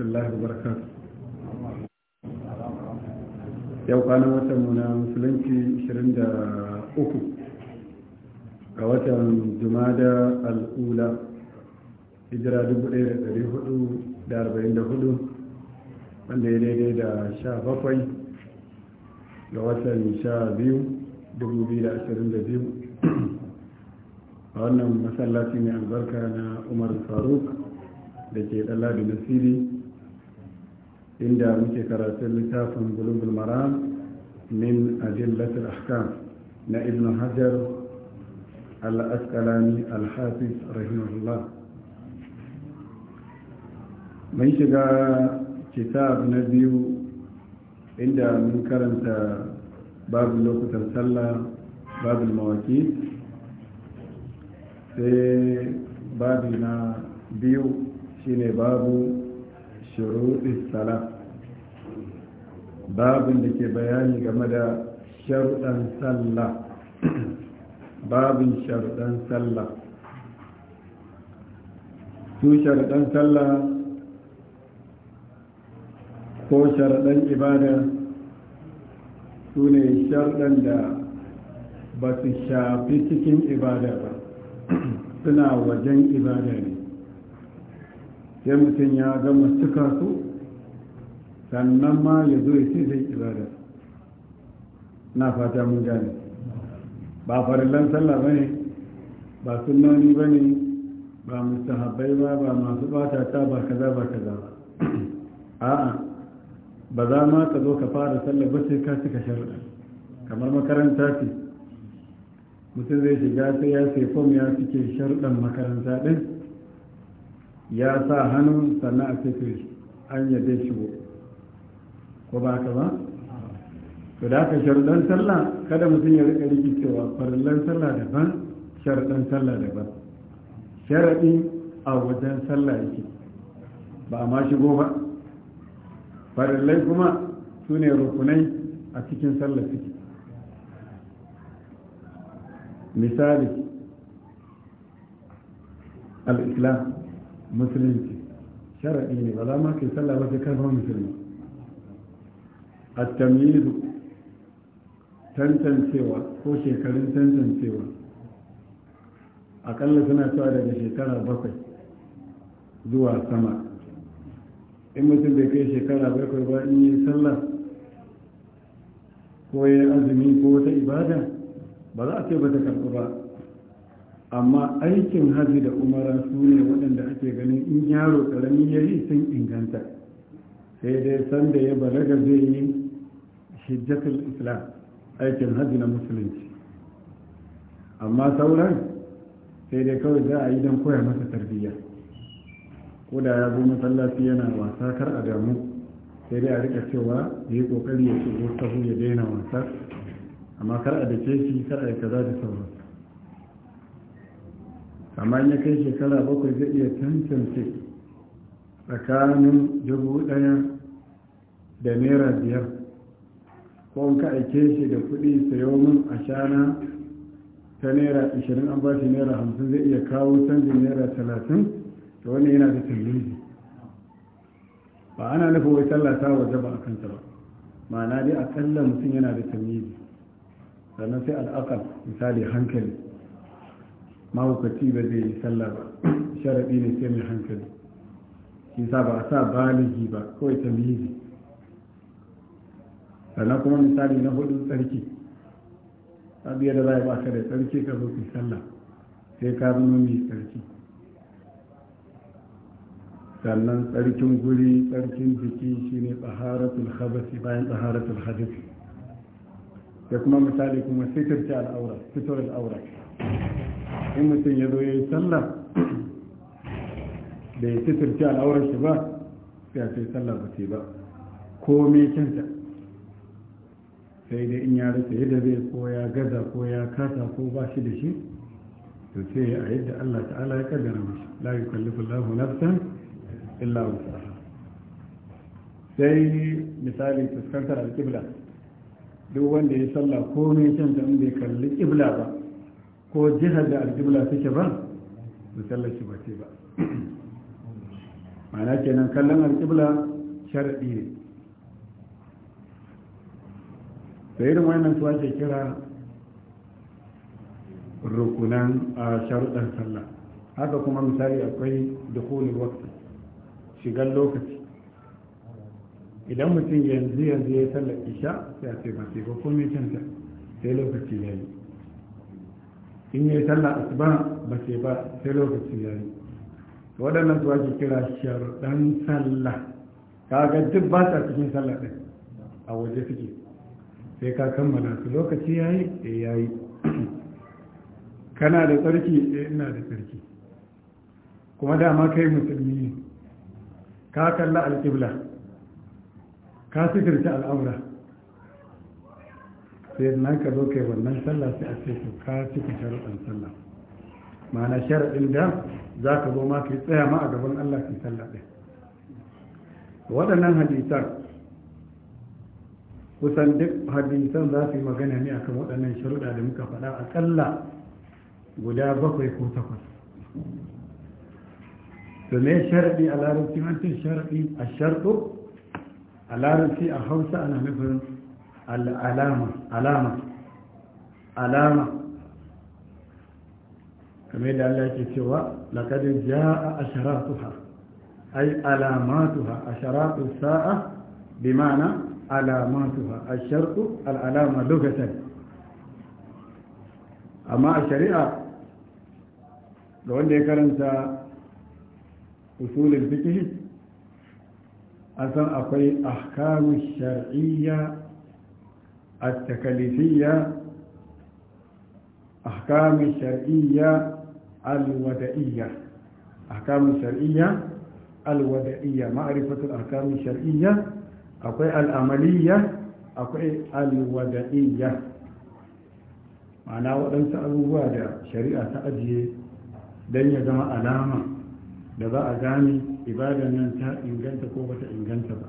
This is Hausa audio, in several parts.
Allah barakatu yau kwanan watan mu na musulunci 23 ga watan jumada al'ula hijira 1444 wanda ya daidai da 17 ga watan sha 2022 a wannan masallaci mai albarka na umar faruk da ke ɗalla da nasiri inda muke karatun littafin bulugul maram min adillatul ahkam na ibn hajar al-asqalani al-hafiz rahimahullah mun shiga kitab na biyu inda mun karanta babu lokutan sallah babu mawaki sai babu na biyu shine babu shuruɗi sala babin da ke bayani game da sharuɗan sallah babin sharuɗan sallah su sharuɗan sallah ko sharuɗan ibada su ne sharuɗan da ba su shafi cikin ibada ba suna wajen ibada ne sai mutum ya gama cika su sannan ma ya zo ya ce zai ibada na fata mun gane ba farillan sallah ba ne ba sunani ba ne ba mustahabbai ba ba masu bata ta ba kaza ba kaza ba a'a ba za ma ka zo ka fara sallah ba sai ka cika sharuɗa kamar makaranta ce mutum zai shiga sai ya sai fom ya cike sharuɗan makaranta ɗin ya sa hannun sannan a cikin an yadda shigo ko ba ka ba to da aka sharɗan sallah kada mutum ya rika rikicewa farallan sallah daban sharɗan sallah daban sharaɗi a wajen sallah yake ba a ma shigo ba farallai kuma su ne rukunai a cikin sallah suke misali al-islam musulunci sharaɗi ne ba za ma ke sallah ba sai karfa musulmi a tamyizu tantancewa ko shekarun tantancewa akalla suna cewa daga shekara bakwai zuwa sama in mutum bai kai shekara bakwai ba in yi sallah ko ya azumi ko wata ibada ba za a ce ba ta karɓi ba amma aikin hajji da umara su ne waɗanda ake ganin in yaro ƙarami ya yi sun inganta sai dai sanda ya balaga zai yi hijjatul islam aikin hajji na musulunci amma sauran sai dai kawai za a yi don koya masa tarbiyya ko da ya zo masallaci yana wasa kar a damu sai dai a rika cewa ya yi kokari ya shigo sahu ya daina wasa amma kar a dace shi kar a yi kaza da sauransu amma ya kai shekara bakwai zai iya tantance tsakanin dubu ɗaya da naira biyar ko in ka aike shi da kuɗi sayo min a shana ta naira ashirin an ba shi naira hamsin zai iya kawo canjin naira talatin da wani yana da tambayi ba ana nufin wai tallata waje ba a kanta ba ma'ana dai akalla mutum yana da tambayi sannan sai al'akal misali hankali mahaukaci ba zai yi sallah ba sharaɗi ne sai mai hankali shi sa ba a sa baligi ba kawai mizi sannan kuma misali na hudu tsarki abiyar da za a baka da tsarki ka zo sallah sai ka zama mai tsarki sannan tsarkin guri tsarkin jiki shine tsaharatul habasi bayan tsaharatul hadisi sai kuma misali kuma sitirce al'aura fitar al'aura in mutum ya zo ya yi sallah da ya sitirce al'aurar shi ba sai a ce sallah ba ce ba ko me kinta sai dai in ya rasa yadda zai ko ya gaza ko ya kasa ko ba shi da shi to sai a yadda Allah ta'ala ya kaddara mashi la yukallifu Allahu nafsan illa wusaha sai misali fuskantar alƙibla duk wanda ya sallah ko me kinta in bai kalli ƙibla ba ko jihar da aljibla take ba to shi ba ce ba ma'ana kenan kallon aljibla sharaɗi ne da irin wannan su ake kira rukunan a sharuɗan sallah haka kuma misali akwai da wakti shigar lokaci idan mutum yanzu yanzu ya sallar isha sai a ce ba sai ba komai canta sai lokaci ya yi in yi sallah asuba ba ce ba sai lokaci ya yi waɗannan su ake kira sharuɗan sallah kaga duk ba sa cikin sallah ɗin a waje suke sai ka kammala su lokaci ya yi e eh ya yi kana da tsarki e ina da tsarki kuma dama kai musulmi ne ka kalla alƙibla ka sitirta al'aura sai na ka zo kai wannan sallah sai a ce to ka cika sharuɗan sallah ma'ana sharaɗin da za ka zo ma ka tsaya ma a gaban Allah ka sallah ɗin waɗannan hadisan kusan duk hadisan za su yi magana ne akan waɗannan sharuɗa da muka faɗa aƙalla guda bakwai ko takwas to me sharaɗi a larabci an sharaɗi a sharɗo a larabci a hausa ana nufin al'alama alama alama kamar da Allah ke cewa laƙadin ja'a a sharatuha ai alamatuha a sharatu sa'a bi ma'ana alamatuha a sharku al'alama lokacin amma a shari'a ga wanda ya karanta usulin fikihi a san akwai ahkamu shar'iyya التكاليفية أحكام الشرعية الودائية أحكام الشرعية الودائية معرفة akwai الشرعية akwai العملية أقوى الودائية ma'ana waɗansu abubuwa da shari'a ta ajiye don ya zama alama da za a gane ibadan nan ta inganta ko bata inganta ba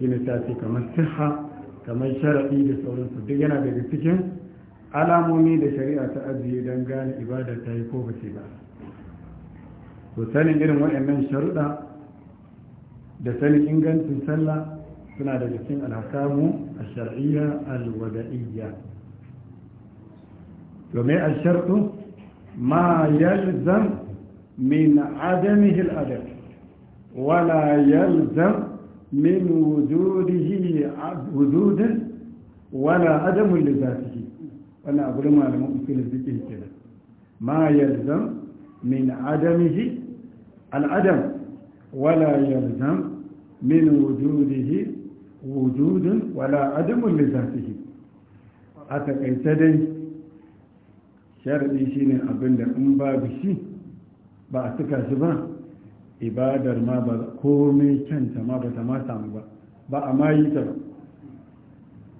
shi ne ta ce kamar siha kamar sharaɗi da sauransu duk yana daga cikin alamomi da shari'a ta ajiye don gane ibada ta yi ko ba ba to sanin irin waɗannan sharuɗa da sanin ingancin sallah suna daga cikin alhakamu a shar'iyya alwada'iyya to mai a sharɗu ma yalzam min adamihi al'adam wala yalzam min wujudihi wujudin wala adamun da zafihi wannan abu da malamin usulun zikin kenan ma yalzam min adamihi al'adam wala yalzam min wujudihi wujudin wala adamun da zafihi a takaice dai sharaɗi shine abinda in babu shi ba a tuka shi ba ibadar ma ba komai kyanta ma ba ta ma samu ba ba a ma yi ta ba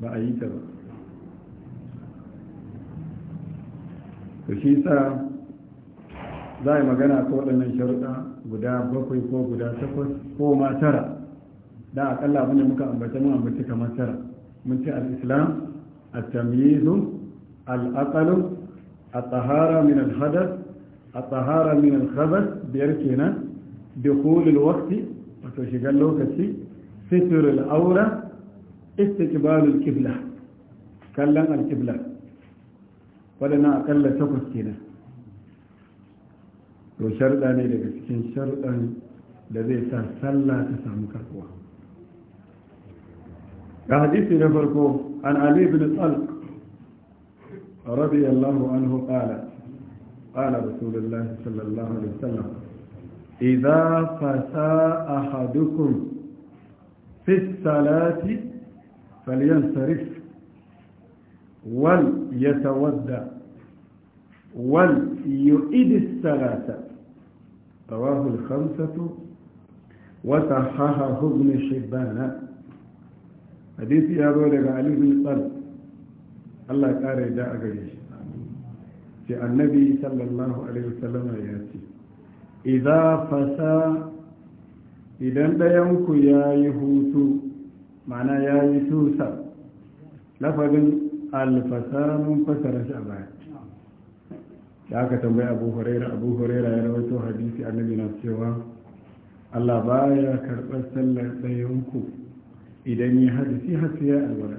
ba a yi ta ba to shi sa za a magana ko waɗannan sharuɗa guda bakwai ko guda takwas ko ma tara da akalla abin da muka ambata mun ambaci kamar tara mun ce al-islam at-tamyizu al-aqlu at-tahara min al-hadath at-tahara min al-khabath biyar kenan دخول الوقت وتوشي قال له كسي ستر الأورة استقبال الكبلة كلم الكبلة ولنا أقل شكر سينا وشرطاني لكسكين شرطا الذي تسلى تسامك القوة حديثي نفركو عن علي بن الطلق رضي الله عنه قال قال رسول الله صلى الله عليه وسلم إذا فساء أحدكم في الصلاة فلينصرف وليتودى وليؤيد الصلاة رواه الخمسة وصححه ابن شبان حديث يا رولك علي بن طلب الله تعالى جاء قريش في النبي صلى الله عليه وسلم ياتي idza fasa idan ɗayanku ya yi hutu mana ya yi tusa lafazin alfasa mun fasara shi a baya da aka tambayi abu huraira abu huraira ya rawaito hadisi annabi na cewa allah baya karɓar sallar ɗayanku idan ya hadisi hasi ya alwala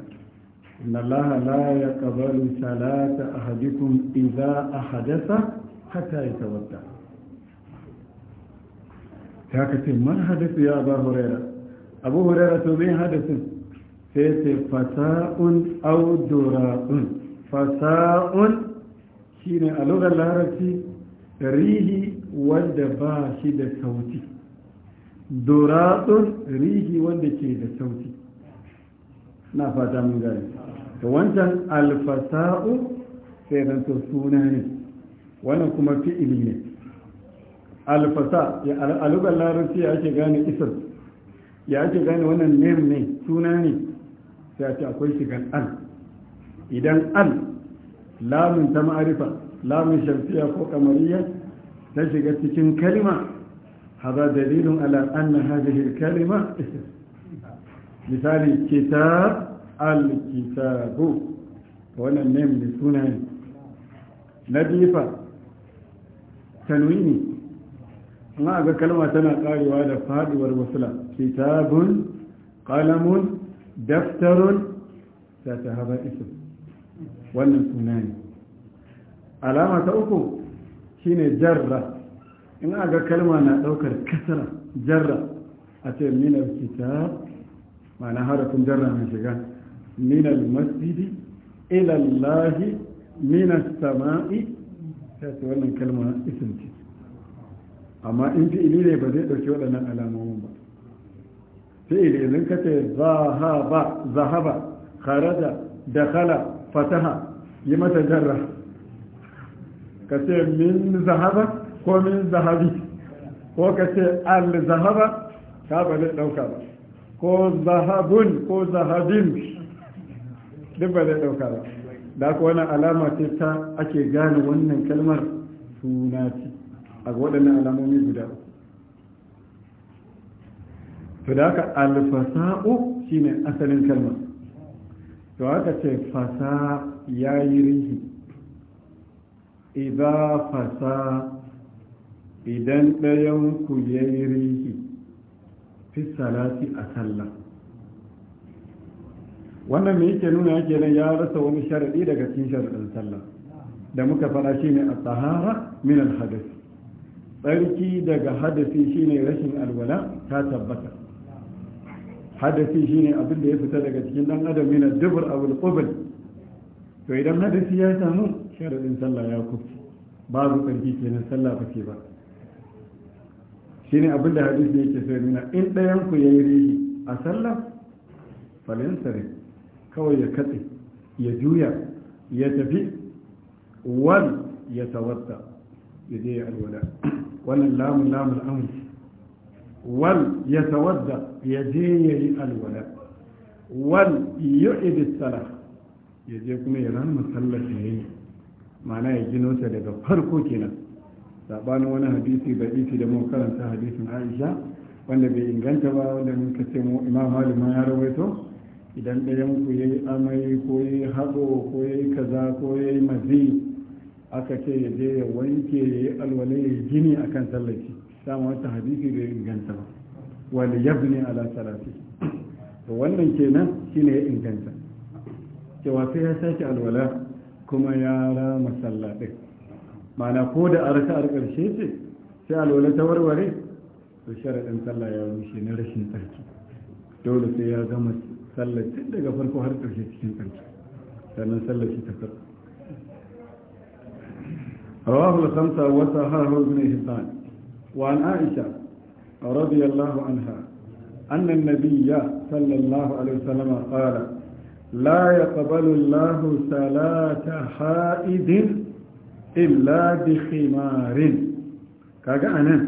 inna allah la yaqbalu salata ahadikum idza ahadatha hatta yatawadda ta ka ce man hadasa ya ba hurera abu hurera to mai hadasin sai ce fasa'un audura'un fasa'un shine a lokacin larabci rihi wanda ba shi da sauti duratun rihi wanda ke da sauti na fata mun gari ta wancan alfasa'u sai zanto suna ne wannan kuma fi'ili ne alfasa ya alugar larabci ya ake gane isar ya ake gane wannan nem ne suna ne sai ce akwai shigan Al, idan Al lamun ta ma'arifa lamun shamsiya ko kamariya ta shiga cikin kalima haza dalilin ala anna hadhihi kalima misali kitab al-kitabu wannan nem ne suna ne na bifa tanwini na ga kalma tana karewa da faduwar wasula kitabun qalamun daftarun da ta haɓa isu wannan suna ne alama ta uku shine jarra in aga kalma na ɗaukar kasara jarra a ce minar kitab ma'ana harafin jarra mai shiga minar masjidi ilallahi minar sama'i ta ce wannan kalma isin ce amma in fi'ili ne ba zai ɗauki waɗannan alamomin ba fi'ili idan ka ce zahaba zahaba kharaja dakhala fataha yi mata jarra ka ce min zahaba ko min zahabi ko ka ce al zahaba ka ba zai ɗauka ba ko zahabun ko zahabin duk ba zai ɗauka ba da aka wani alama ce ta ake gane wannan kalmar suna ce a waɗannan alamomi guda to da haka alfasa'u ne asalin kalma to haka ce fasa ya yi rihi idan fasa idan ɗayanku ya yi rihi fi salati a sallah wannan mai yake nuna yake nan ya rasa wani sharaɗi daga cikin sharaɗin sallah da muka faɗa shi ne a tsahara min al tsarki daga hadasi shine rashin alwala ta tabbata hadasi shine abin da ya fita daga cikin dan adam yana dubur abul to idan hadasi ya samu sharadin sallah ya kufi babu barki kenan sallah ba ke ba shine abin da hadisi yake so nuna in ɗayan ku yayi rihi a sallah sare kawai ya katse ya juya ya tafi wal ya tawatta ya alwala wannan lamun lamun amur wal ya yaje ya ya yi alwala wal yu'id sala yaje kuma ya ran sallar da yayi ma'ana ya gino ta daga farko kenan sabanin wani hadisi da iti da mun karanta hadisin Aisha wanda bai inganta ba wanda mun kace mu Imam Malik ma ya rawaito idan ɗayan ku yayi amai ko yayi hago ko yayi kaza ko yayi mazi aka ce ya je ya wanke ya yi alwale ya yi gini a kan sallaci dama wata hadisi bai inganta ba wani yabni ala salati to wannan kenan shine ya inganta cewa sai ya sake alwala kuma ya rama sallah mana ko da a rasa karshe ce sai alwala ta warware to sharaɗin sallah ya rushe na rashin tsarki dole sai ya gama sallah tun daga farko har ƙarshe cikin tsarki sannan sallah shi ta farko رواه الخمسة وسهاه ابن هبان وعن عائشة رضي الله عنها أن النبي صلى الله عليه وسلم قال لا يقبل الله صلاة حائد إلا بخمار كاجا أنا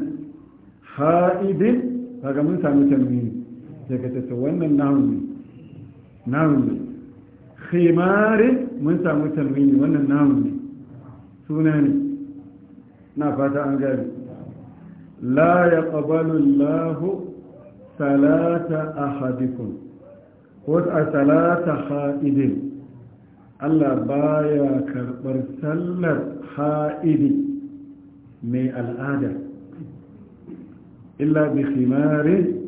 حائد كاجا من سامي تنوين يكتس وانا نعمي نعمي خمار من سامي تنوين وانا نعمي سوناني na fata an gari. la ya ƙabalin lahu salata ahadikun ko a salata ha'idin allah baya karɓar sallar ha'idi mai al'ada illa bi khimarin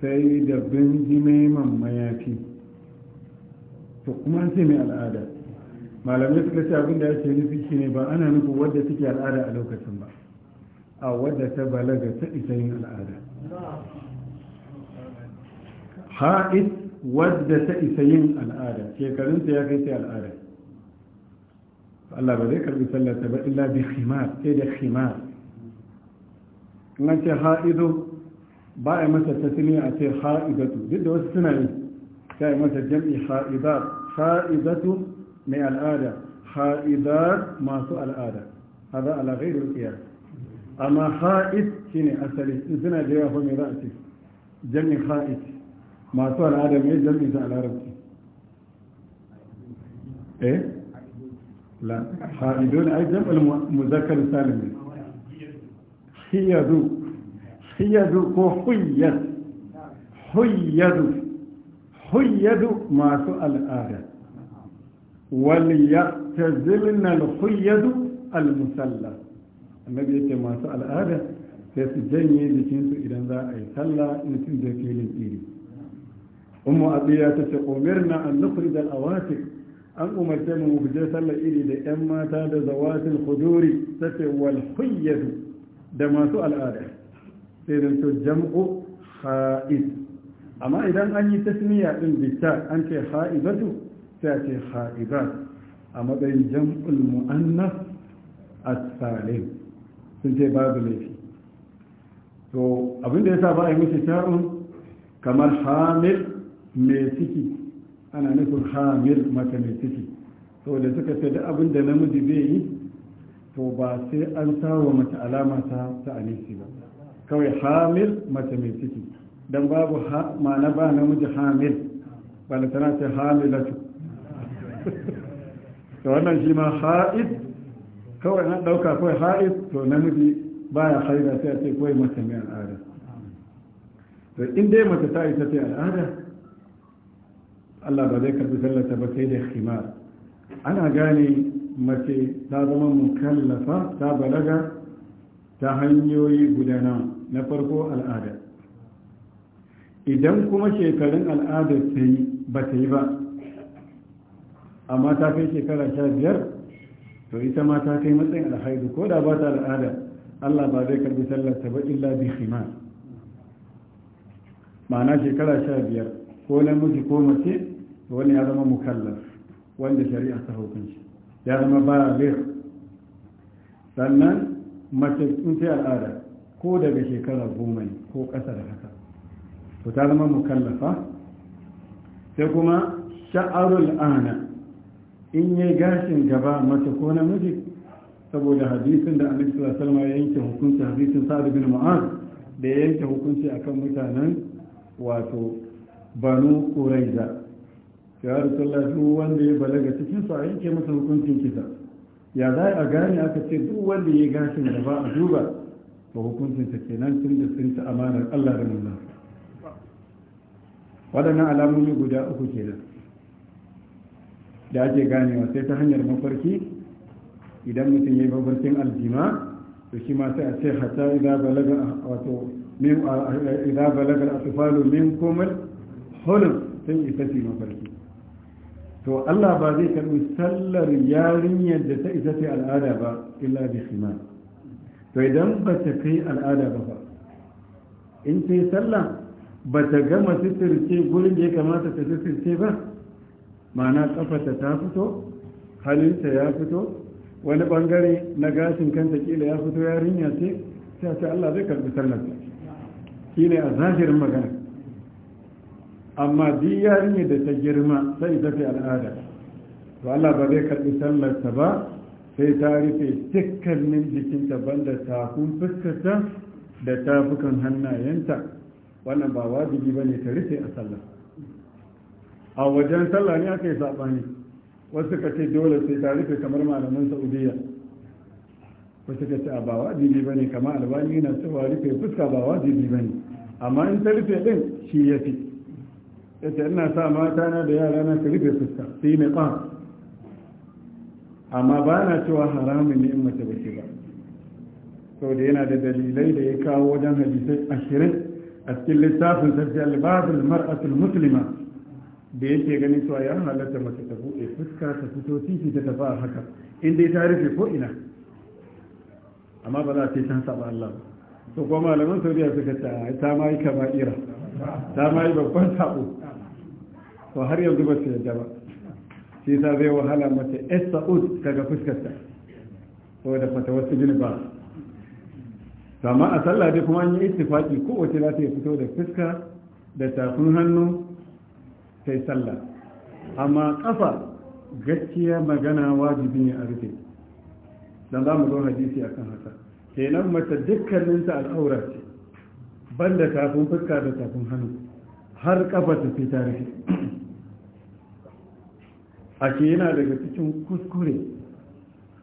sai da benjimeman mayafi to kuma sai mai al'ada malamai suka ce abin da ce nufi shine ba ana nufin wadda take al'ada a lokacin ba a wadda ta balaga ta isa yin al'ada ha'is wadda ta isa yin al'ada shekarunta ya kai sai al'ada Allah ba zai karbi sallarta ba illa bi khimar sai da khimar ce ha'idu ba a masa sini a ce ha'idatu duk da wasu suna yi sai masa jam'i ha'idatu من الآلة خائدات ما سوء الآلة هذا على غير القياس أما خائد كني أسألي إذن جواه من رأسي جمع خائد ما سوء الآلة من جمع على ربك إيه؟ لا خائدون أي جمع المذكر السالم خيادو خيادو كو حيّد حيّد حيّد ما سوء الآلة وليختزلن الخيد المسلح النبي يتي ما سأل هذا سيس جيني لشنسو إلى ذا أي سلا إن سيدة فيل الإيري أم أبيا أمرنا أن نخرج الأواتف أن أمرت من مبجي سلا إلي لأما تاد زوات الخدور ستي والخيد ده ما سأل هذا سيدن جمع خائد أما إذا أني تسمية إن بيتا أنت خائدته sai a ce a matsayin jam'ul mu'annas as-salim sun ce babu laifi to abin da yasa ba a yi mishi ta'un kamar hamil mai ciki ana nufin hamil mata mai ciki da suka ce da abin da namiji zai yi to ba sai an sawa mace alama ta ta alisi ba kawai hamil mace mai ciki don babu ma'ana ba namiji hamil ba tana ce hamilatu da wannan shi ma ha'id kawai na ɗauka kawai ha'id to namiji baya haida sai a ce kawai mace mai al'ada to in dai mace ta ita ce al'ada Allah ba zai karbi sallata ba sai da himar ana gane mace ta zama mukallafa ta balaga ta hanyoyi gudana na farko al'ada idan kuma shekarun al'ada ta yi ba ta yi ba amma ta kai shekara sha biyar to ita ma ta kai matsayin alhaidu ko da ba ta al'ada allah ba zai karbi sallarta ba illa bi khimar ma'ana shekara sha biyar ko namiji ko mace wani ya zama mukallaf wanda shari'a ta hukunci ya zama balir sannan mace in sai al'ada ko daga shekara goma ne ko ƙasa da haka to ta zama mukallafa sai kuma sha'arul ana in yi gashin gaba mace ko namiji saboda hadisin da annabi sallallahu alaihi ya yanke hukunci hadisin sa'ad bin mu'az da ya yanke hukunci akan mutanen wato banu quraiza ya rasulullah wanda ya balaga cikin su a yanke masa hukuncin kisa ya za a gane aka ce duk wanda ya yi gashin gaba a duba ba hukuncin ta kenan tun da sun ta amanar Allah da nuna waɗannan alamomi guda uku kenan da ake ganewa sai ta hanyar mafarki idan mutum ya yi mafarkin aljima to shi ma sai a ce hata idan balagar wato min idan balaga atfalu minkum hulum isa fi mafarki to Allah ba zai karbi sallar yarinyar da ta isa fi al'ada ba illa bi khimar to idan ba ta kai al'ada ba ba in ta yi sallah ba ta gama sitirce gurin da ya kamata ta sitirce ba ma'ana kafarta ta fito halinta ya fito wani bangare na gashin kanta kila ya fito yarinya ce sai ce Allah zai karbi sallarta shi ne a zahirin magana amma duk yarinya da ta girma sai ta fi al'ada to Allah ba zai karbi sallarta ba sai ta rufe dukkanin jikinta banda kun fuskarta da tafukan hannayenta wannan ba wajibi bane ta rufe a sallar a wajen sallah ne aka yi saɓani wasu ka ce dole sai ta rufe kamar malaman saudiya wasu ka ce a ba wajibi ba ne kama albani yana cewa rufe fuska ba wajibi ba ne amma in ta rufe ɗin shi ya fi yace ina sa mata na da yara na ka rufe fuska sai ne ba amma ba na cewa haramun ne in mace ke ba saboda yana da dalilai da ya kawo wajen hadisai ashirin a cikin littafin sarki albabul mar'atul muslima da yake ganin cewa ya halatta mace ta buɗe fuska ta fito titi ta tafi a haka Inda ya ta ko ina amma ba za a ce ta saba Allah to kuma malaman Saudiya suka ta ta ma yi kaba'ira ta ma yi babban sabo to har yanzu ba su yadda ba shi sa zai wahala mace esta ud kaga fuskarta ko da fata wasu bin ba amma a sallah dai kuma an yi ittifaki wace za ta fito da fuska da tafin hannu ta sallah amma kafa gaskiya magana wajibi ne a rufe don za mu zo hadisi akan haka kenan mace ta al'aura ce banda tafin fuska da tafin hannu har kafa ta fi ta rufe a ke yana daga cikin kuskure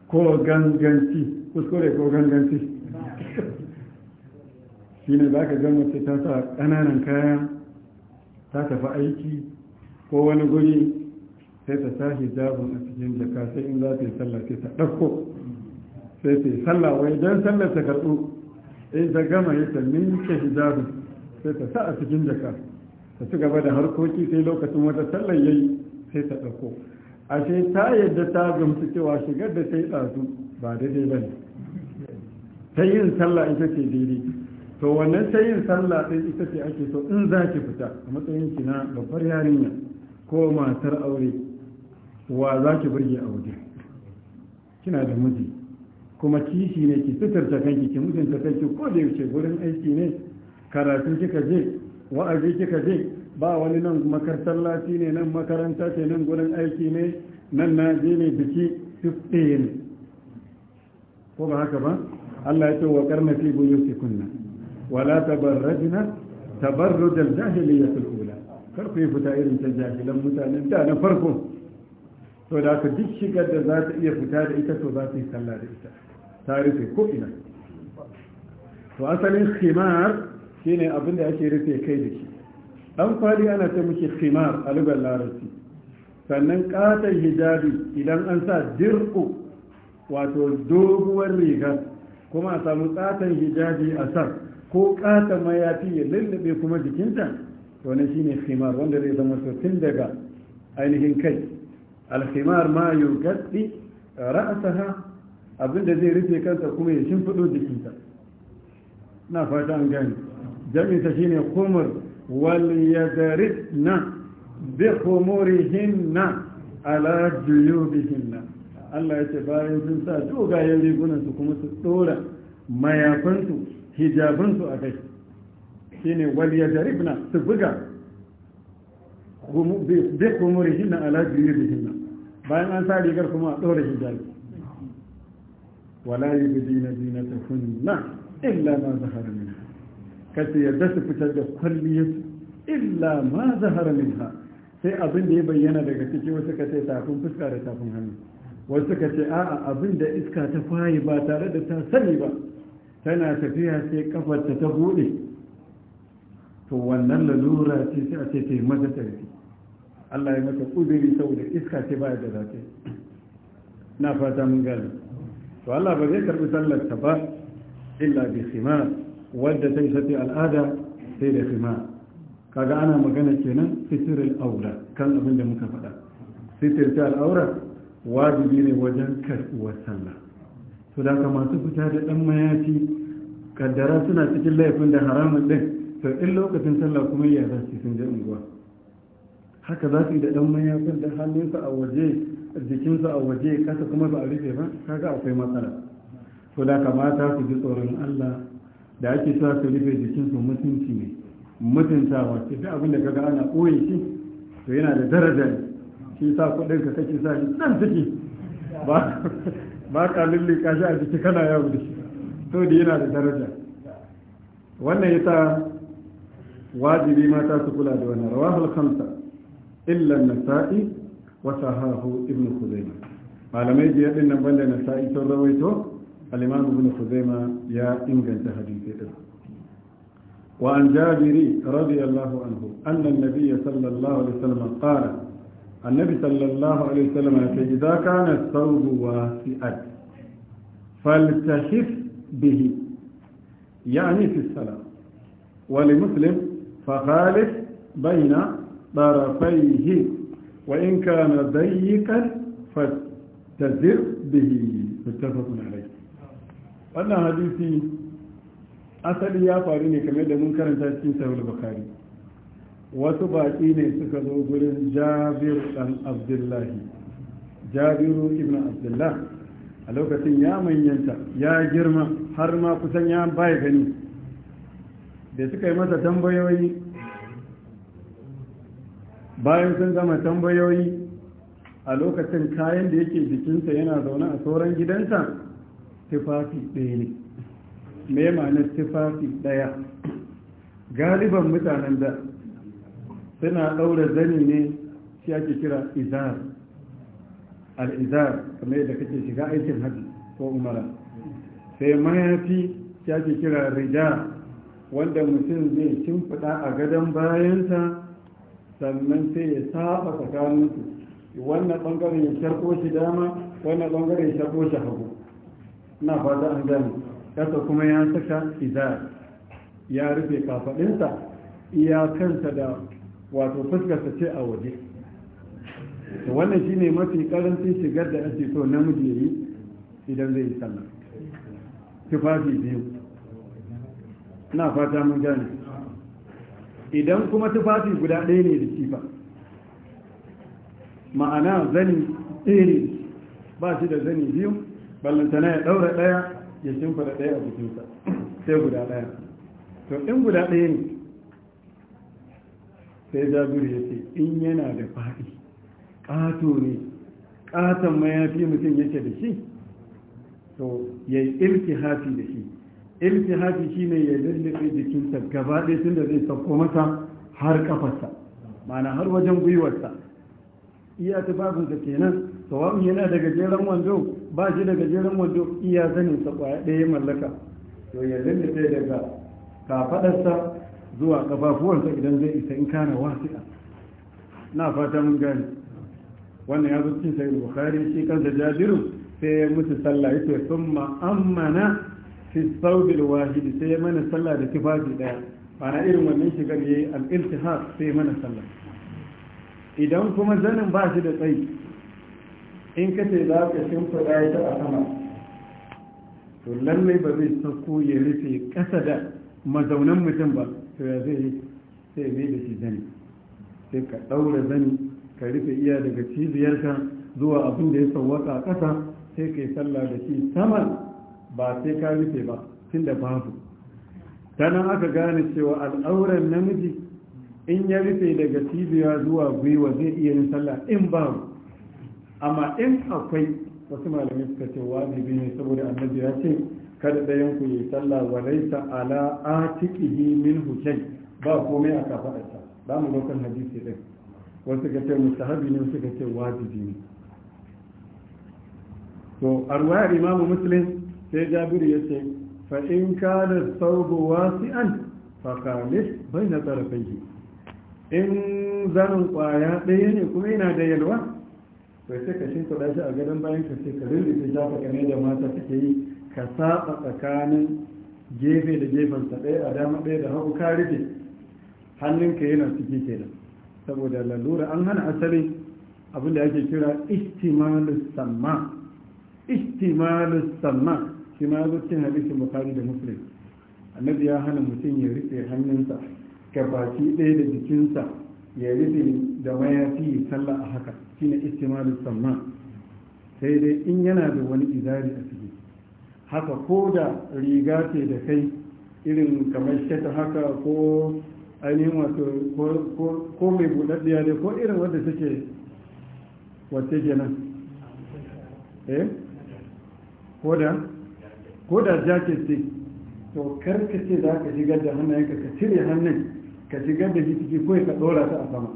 ko ganganci kuskure ko ganganci shi za ka gama ce ta sa ƙananan kaya ta tafi aiki ko wani guri sai ta sa hijabin a cikin jaka sai in za ta yi sallah sai ta ɗauko sai ta yi sallah wai don sallar ta karɓo in ta gama yi ta ninke hijabin sai ta sa a cikin jaka ta ci gaba da harkoki sai lokacin wata sallar yayi sai ta ɗauko ashe ta yadda ta gamsu cewa shigar da ta yi ɗazu ba daidai ba ne ta yin sallah ita ce daidai to wannan ta yin sallah ɗin ita ce ake so in za ki fita a matsayin ki na babbar yarinya ko matar aure wa za ki burge a waje kina da miji kuma kishi ne ki ta kanki ki mutunta kanki ko da yaushe gurin aiki ne karatu kika je wa'azi kika je ba wani nan makarantar lati ne nan makaranta ce nan gurin aiki ne nan na je ne biki duk ɗaya ne ko ba haka ba Allah ya ce wa karna fi kunna wala tabarrajna tabarrujal jahiliyyatul kar ku yi fita irin ta jahilan mutane da na farko to da aka duk shigar da za ta iya fita da ita to za ta yi sallah da ita ta rufe ko ina to asalin khimar shine abin da ake rufe kai da shi an fadi ana ta muke khimar a lugar larabci sannan katon hijabi idan an sa dirku wato doguwar riga kuma a samu katon hijabi a sa ko katon mayafi ya lullube kuma jikinta to ne shine khimar wanda zai zama to daga ainihin kai alkhimar ma yugaddi ra'saha abinda zai rufe kansa kuma ya shimfido jikinta na fata an gani jami'ta shine kumur wal yadridna bi khumurihinna ala juyubihinna Allah ya ce bayan sun sa dogayen rigunan su kuma su dora mayafansu hijabansu a kai shine waliya jaribna su buga bi kumurihinna ala hinna bayan an sa rigar kuma a dora hijabi wala yi yubdina zinatahunna illa ma zahara ha kasu yadda su fitar da kwalliyar illa ma zahara ha sai abin da ya bayyana daga ciki wasu ka ce tafin fuska da tafin hannu wasu ka ce a'a abin da iska ta fayi ba tare da ta sani ba tana tafiya sai kafarta ta buɗe to wannan lalura ce sai a ce ta yi mata tarbi Allah ya mata uzuri saboda iska ce baya da zafi na fata mun gani. to Allah ba zai karbi sallar ta ba illa bi khimar wadda ta yi al'ada sai da khimar kaga ana magana kenan al aura kan abin da muka faɗa sitir ta al'aura wajibi ne wajen karɓuwar sallah to da masu fita da ɗan mayafi kaddara suna cikin laifin da haramun ɗin to in lokacin sallah kuma ya za su sun je unguwa haka za su yi da ɗan mayar da hannunsa a waje jikinsa a waje kasa kuma ba a rufe ba kaga akwai matsala to da kamata su ji tsoron allah da ake sa su rufe jikinsu mutunci ne mutuntawa ce duk abin da kaga ana ɓoye shi to yana da daraja ne shi sa kuɗin ka kake sa shi nan ciki ba ka lullika shi a jiki kana yawo da shi to da yana da daraja wannan yasa واجبي ما تاتقل أدوانا رواه الخمسة إلا النسائي وسهاه ابن خزيمة على ما يجي أن نبال النسائي ترويته الإمام ابن خزيمة يا إنجل تهديده وعن جابري رضي الله عنه أن النبي صلى الله عليه وسلم قال النبي صلى الله عليه وسلم إذا كان الثوب واسعا فالتحف به يعني في السلام ولمسلم فخالف بين طرفيه وإن كان ضيقا فاتزر به متفق عليه wannan hadisi asali ya faru ne kamar da mun karanta cikin sahihul bukhari wasu baki ne suka zo gurin jabir dan abdullahi jabiru ibn abdullah a lokacin ya manyanta ya girma har ma kusan ya bai gani da suka yi masa tambayoyi bayan sun gama tambayoyi a lokacin kayan da yake jikinsa yana zaune a sauran gidansa tufafi ɗaya ne mai ma'ana tufafi ɗaya galiban mutanen da suna ɗaura zani ne shi ake kira izar al'izar kamar yadda kake shiga aikin hajji ko umara sai mayafi shi ake kira rida wanda mutum zai shimfiɗa a gadon bayansa sannan sai ya saba tsakaninsu wannan ɓangaren ya sharko shi dama wannan ɓangaren ya sharko shi hagu na fata an gani ƙasa kuma ya saka izar ya rufe kafaɗinsa kansa da wato fuskarsa ce a waje Wannan shi ne mafi karancin shigar da ake so namiji ya yi idan zai yi sannan tufafi biyu na fata mun gane idan kuma tufafi guda ɗaya ne da kifa ma'ana zani ɗaya ne ba shi da zani biyu ballantana ya ɗaura ɗaya ya shimfada ɗaya a jikinsa sai guda ɗaya to in guda ɗaya ne sai jabiru ya ce in yana da faɗi ƙato ne ƙaton mayafi mutum yake da shi to ya yi hafi da shi shi shine ya lullufe jikinsa gaba ɗaya tun da zai sauko masa har kafarsa mana har wajen gwiwarsa iya ta tufafinsa kenan sawa'un yana da gajeren wando ba shi da gajeren wando iya zaninsa kwaya ɗaya mallaka to ya lullufe daga kafaɗarsa zuwa kafafuwarsa idan zai isa in kana wasi'a na fata mun gani wannan ya cin sai bukari shi kansa jabiru sai ya mutu sallah ma summa ammana fi saubil wahidi sai mana sallah da tufafi daya ana irin wannan shigar yayi al-iltihas sai mana sallah idan kuma zanin ba shi da tsayi in ka ce za ka shimfiɗa ita a sama to lallai ba zai sauko ya rufe ƙasa da mazaunan mutum ba to ya zai sai mai da shi zani sai ka ɗaura zani ka rufe iya daga cibiyarka zuwa abin da ya sauwaka a ƙasa sai ka yi sallah da shi saman ba sai ka rufe ba tun da babu ta nan aka gane cewa al'auren namiji in ya rufe daga cibiya zuwa gwiwa zai iya yin sallah in babu amma in akwai wasu malamai suka ce wajibi ne saboda annabi ya ce kada ɗayan ku yi sallah wa laisa ala atiqihi min hukai ba komai a kafaɗarsa Ba mu lokacin hadisi ɗin wasu ka ce mustahabi ne wasu ka ce wajibi ne to a imamu muslim sai jabir ya ce fa in kana thawbu wasi'an fa na baina tarafayhi in zanen kwaya ɗaya ne kuma yana da yalwa bai sai ka da shi a gadon bayan ka sai ka rinrike jafa kamar da mata take yi ka saba tsakanin gefe da gefen sa ɗaya a dama ɗaya da hagu ka hannun hannunka yana ciki kenan saboda lalura an hana asali abin da ake kira istimalus samma istimalus samma shi ma zo cikin hadisin bukari da muslim annabi ya hana mutum ya rufe hannunsa baki ɗaya da jikinsa ya rufe da mayafi salla a haka shine istimalu samma sai dai in yana da wani izari a ciki haka ko da riga ce da kai irin kamar shata haka ko ainihin wato ko mai buɗaɗɗiya ne ko irin wadda take wacce kenan eh ko da ko da jacket ce to karka ce za ka shigar da hannayenka ka cire hannun ka shigar da jiki ko ka ɗora ta a sama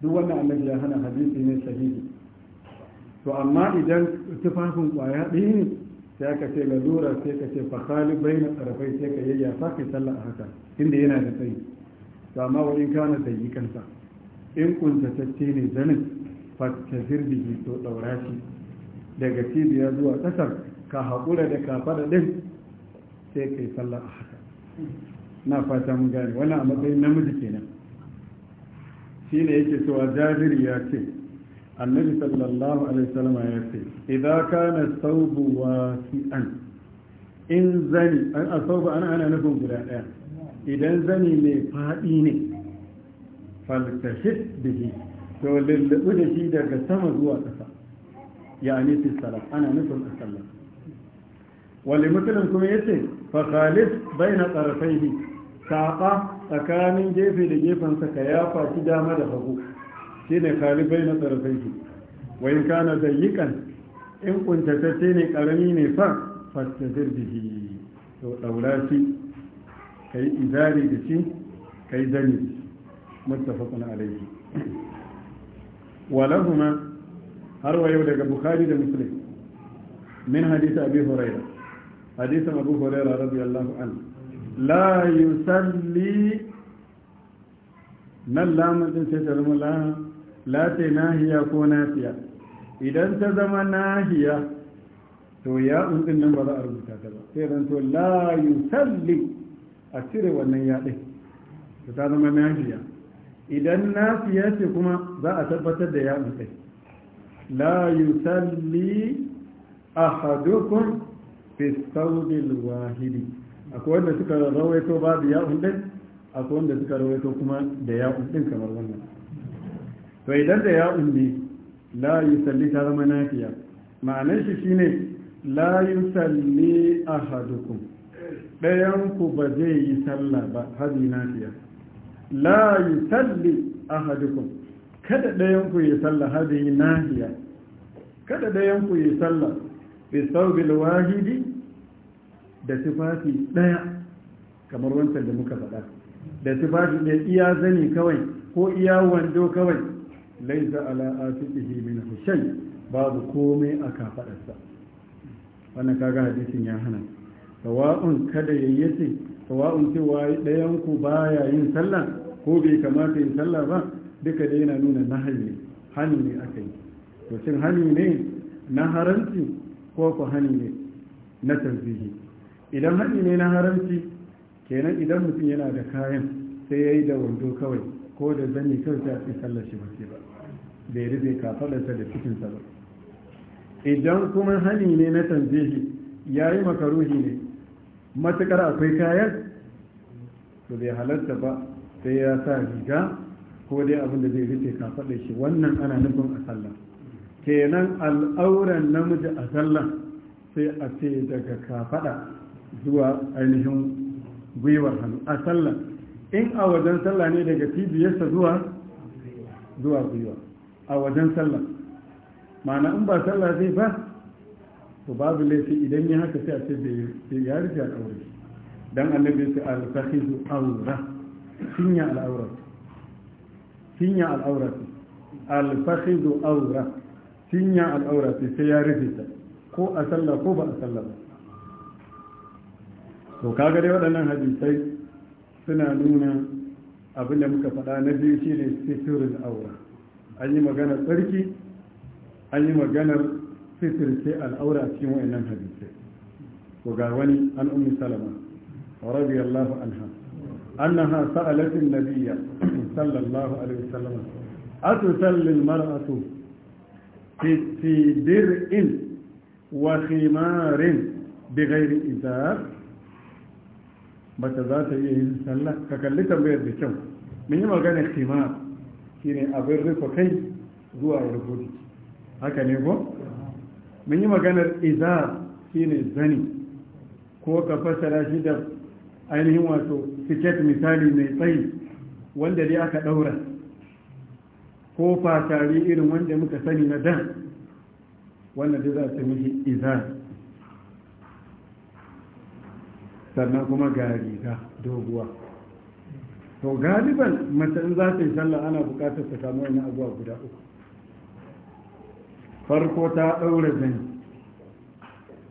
duk wannan annabi ya hana hadisi ne sahihi to amma idan tufafin kwaya ɗaya ne sai ka ce lalura sai ka ce fa bai na tsarafai sai ka yayya sa kai sallah a haka inda yana da tsayi to amma wani kana da yi kansa in kuntatacce ne zanin ta zirbi to ɗaura shi daga cibiya zuwa ƙasar ka haƙura da faɗa ɗin sai ka yi sallah a haka na fata mun gane wani a matsayin namiji kenan shi ne yake cewa jajiri ya ce annabi sallallahu alaihi salama ya ce idan ka na saubu wasi'an in zani an saubu ana ana nufin guda ɗaya idan zani mai faɗi ne da shi, to lullubu da shi daga sama zuwa ƙasa ya ne fi ana nufin a sallah ولمسلم كما يتي فخالف بين طرفيه ساقا تكامن جيفي لجيفن سكيافا كدام دفقو سين خالف بين طرفيه وإن كان ضيقا إن كنت تتيني قرمين فا فاستذر به أولاتي كي إذاري بشي كي ذني متفق عليه ولهما هروا يولد البخاري ومسلم من حديث ابي هريره hadisin abu huraira radiyallahu anhu la yusalli nan lamun din sai ta zama la la ta nahiya ko nafiya idan ta zama nahiya to ya din nan ba za a rubuta ta ba sai ran to la yusalli a cire wannan ya din ta zama nahiya idan nafiya kuma za a tabbatar da ya din la fi wahidi akwai wanda suka rawaito babu ya'un din akwai wanda suka rawaito kuma da ya'un din kamar wannan to idan da ya'un ne la yusalli ta zama nafiya ma'anar shi shine la yusalli ahadukum ɗayan ku ba zai yi sallah ba hazi nafiya la yusalli ahadukum kada ɗayan ku yi sallah hazi nafiya kada ɗayan ku yi sallah bi thawbil wahidi da tufafi ɗaya kamar wancan da muka faɗa da tufafi ɗaya iya zani kawai ko iya wando kawai laisa ala asibihi min hushai babu komai a kafaɗarsa wannan kaga hadisin ya hana sawa'un kada yayyace sawa'un cewa ɗayan ku baya yin sallah ko bai kamata yin sallah ba duka dai yana nuna na ne hani ne aka yi to shin hani ne na haranci ko ku hani ne na tarzihi idan haɗi ne na haramci kenan idan mutum yana da kayan sai ya yi da wando kawai ko da zani kawai sai a fi sallar shi ba ba bai rufe kafaɗarsa da cikinsa ba idan kuma hani ne na tanzihi ya yi makaruhi ne matuƙar akwai kayan to bai halarta ba sai ya sa riga ko dai abin da zai rufe kafaɗar shi wannan ana nufin a sallah kenan al'auran namiji a sallah sai a ce daga kafaɗa zuwa ainihin gwiwar hannu a sallah in a wajen sallah ne daga cibiyarsa zuwa zuwa gwiwa a wajen sallah ma'ana in ba sallah zai ba to babu laifi idan yi haka sai a ce bai ya rufe al'aure don annabi sai al-fakhizu awra sinya al'aura sinya al'aura al-fakhizu sun sinya al'aura sai ya rufe ta ko a sallah ko ba a sallah ba to kaga dai waɗannan hadisai suna nuna abin da muka faɗa na biyu shi ne sitirin aura an yi maganar tsarki an yi maganar sai al'aura cikin wa'annan hadisai to ga wani an ummi salama rabi radiyallahu anha annaha sa'alatin nabiyya sallallahu alaihi wasallam atusalli al-mar'atu fi dir'in wa khimarin bighayri izar Bata za ta iya yin sallah ka kalli tambayar da kyau mun yi magana kima shine abin rufe kai zuwa ya rufe haka ne ko mun yi maganar iza shine zani ko ka fassara shi da ainihin wato siket misali mai tsayi wanda dai aka ɗaura ko fasari irin wanda muka sani na dan wannan dai za ta mishi iza sannan kuma ga riga doguwa to galiban mace in za ta yi sallah ana bukatar ta samu wani abuwa guda uku farko ta ɗaura zani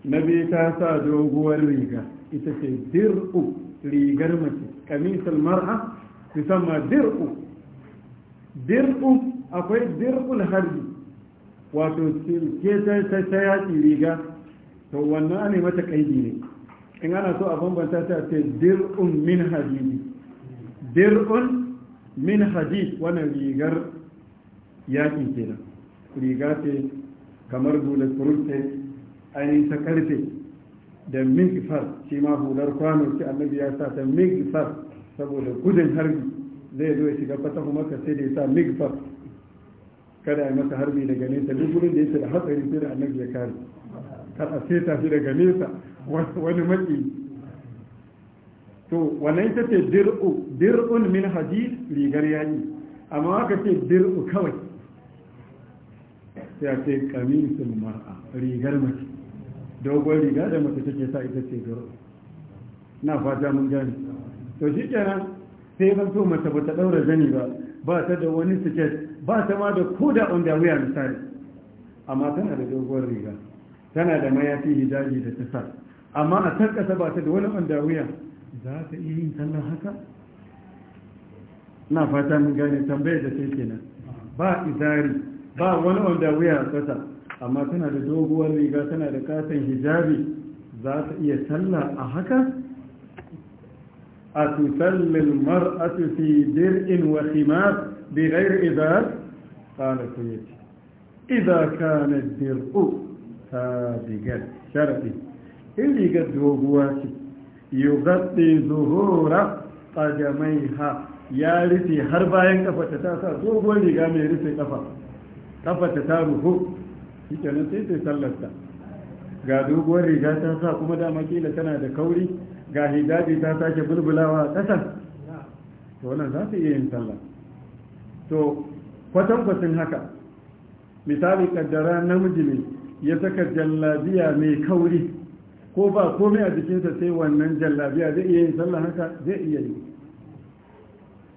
na biyu ta sa doguwar riga ita ce dir'u rigar mace kamisar mar'a musamman dir'u dir'u akwai dir'ul harbi wato ke ta yaƙi riga to wannan ne mata kaidi ne in ana so a bambanta ta a ce dir'un min hadidi dir'un min hadid wannan rigar yaki kenan riga ce kamar hular kurunce ainihin ta karfe da migfar shi ma hular kwano ce annabi ya sa ta migfar saboda gudun harbi zai zo ya shiga fatahu ka sai da ya sa migfar kada ya masa harbi daga nesa duk gurin da ce da hatsari sai da annabi ya kare kar a ta fi daga nesa wani matsi to wannan ita ce dir'u dir'un min hadis rigar yayi amma aka ce dir'u kawai sai a ce kamisul mar'a rigar mace dogon riga da mace take sa ita ce dir'u na fata mun gani to shi kenan sai ban so mace ba ta daura zani ba ba ta da wani suke ba ta ma da koda on da wuya misali amma tana da dogon riga tana da mayafi hijabi da ta sa amma a can ƙasa ba ta da wani wanda wuya za ta iya yin sallar haka na fata mun gane tambayar da sai kenan ba izari ba wani wanda wuya a ƙasa amma tana da doguwar riga tana da katon hijabi za ta iya sallah a haka a tusallin mar'atu fi dir'in wa khimar bi ghair izar qala sayyid idza kana dir'u sadigan sharati in rigar doguwa ce yugatsi zuhura qadamaiha ya rufe har bayan kafarta ta sa doguwar riga mai rufe kafa kafarta ta ruhu nan sai sai sallarta ga doguwar riga ta sa kuma dama kila tana da kauri ga hijabi ta sake bulbulawa a ƙasa, to wannan za ta iya yin sallah to kwatan-kwatan haka misali kaddara namiji ne ya saka jallabiya mai kauri ko ba komai a jikinsa sai wannan jallabiya zai iya yin sallah haka zai iya yi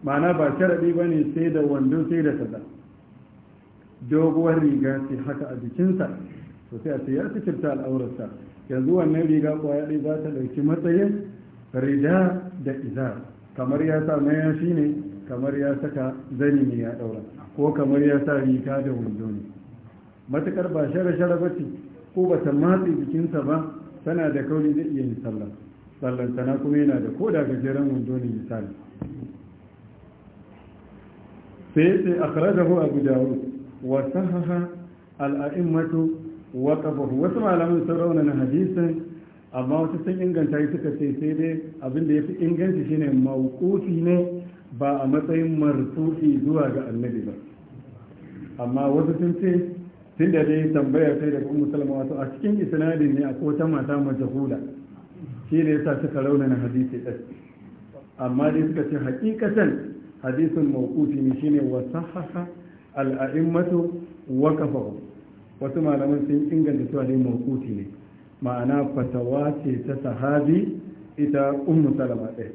Ma'ana ba sharaɗi ba ne sai da wando sai da sada. doguwar riga sai haka a jikinsa to sai a ce ya cikirta al'aurarsa yanzu wannan riga ko ɗaya za ta ɗauki matsayin rida da iza kamar ya sa maya shi ne kamar ya saka zani ne ya ɗaura ko kamar ya sa riga da wando ne matuƙar ba shara shara ba ce ko ba ta matse jikinsa ba tana da kauri zai iya yin sallah tana kuma yana da koda gajeren wando ne misali sai sai akhrajahu guda dawud wa sahaha al wa qabahu wasu malamin sun rauna na hadisin amma wasu sun inganta suka ce sai dai abin da yafi inganci ne mawqufi ne ba a matsayin marfufi zuwa ga annabi ba amma wasu sun ce tun da dai tambayar sai daga ummu salama wato a cikin isnadin ne akwai wata mata majahula shi ne yasa suka raunana hadisi din amma dai suka ce hakikatan hadisin mawqufi ne shine wa sahaha al wa kafahu wasu malaman sun inganta cewa dai mawqufi ne ma'ana fatawa ce ta sahabi ita ummu salama ɗaya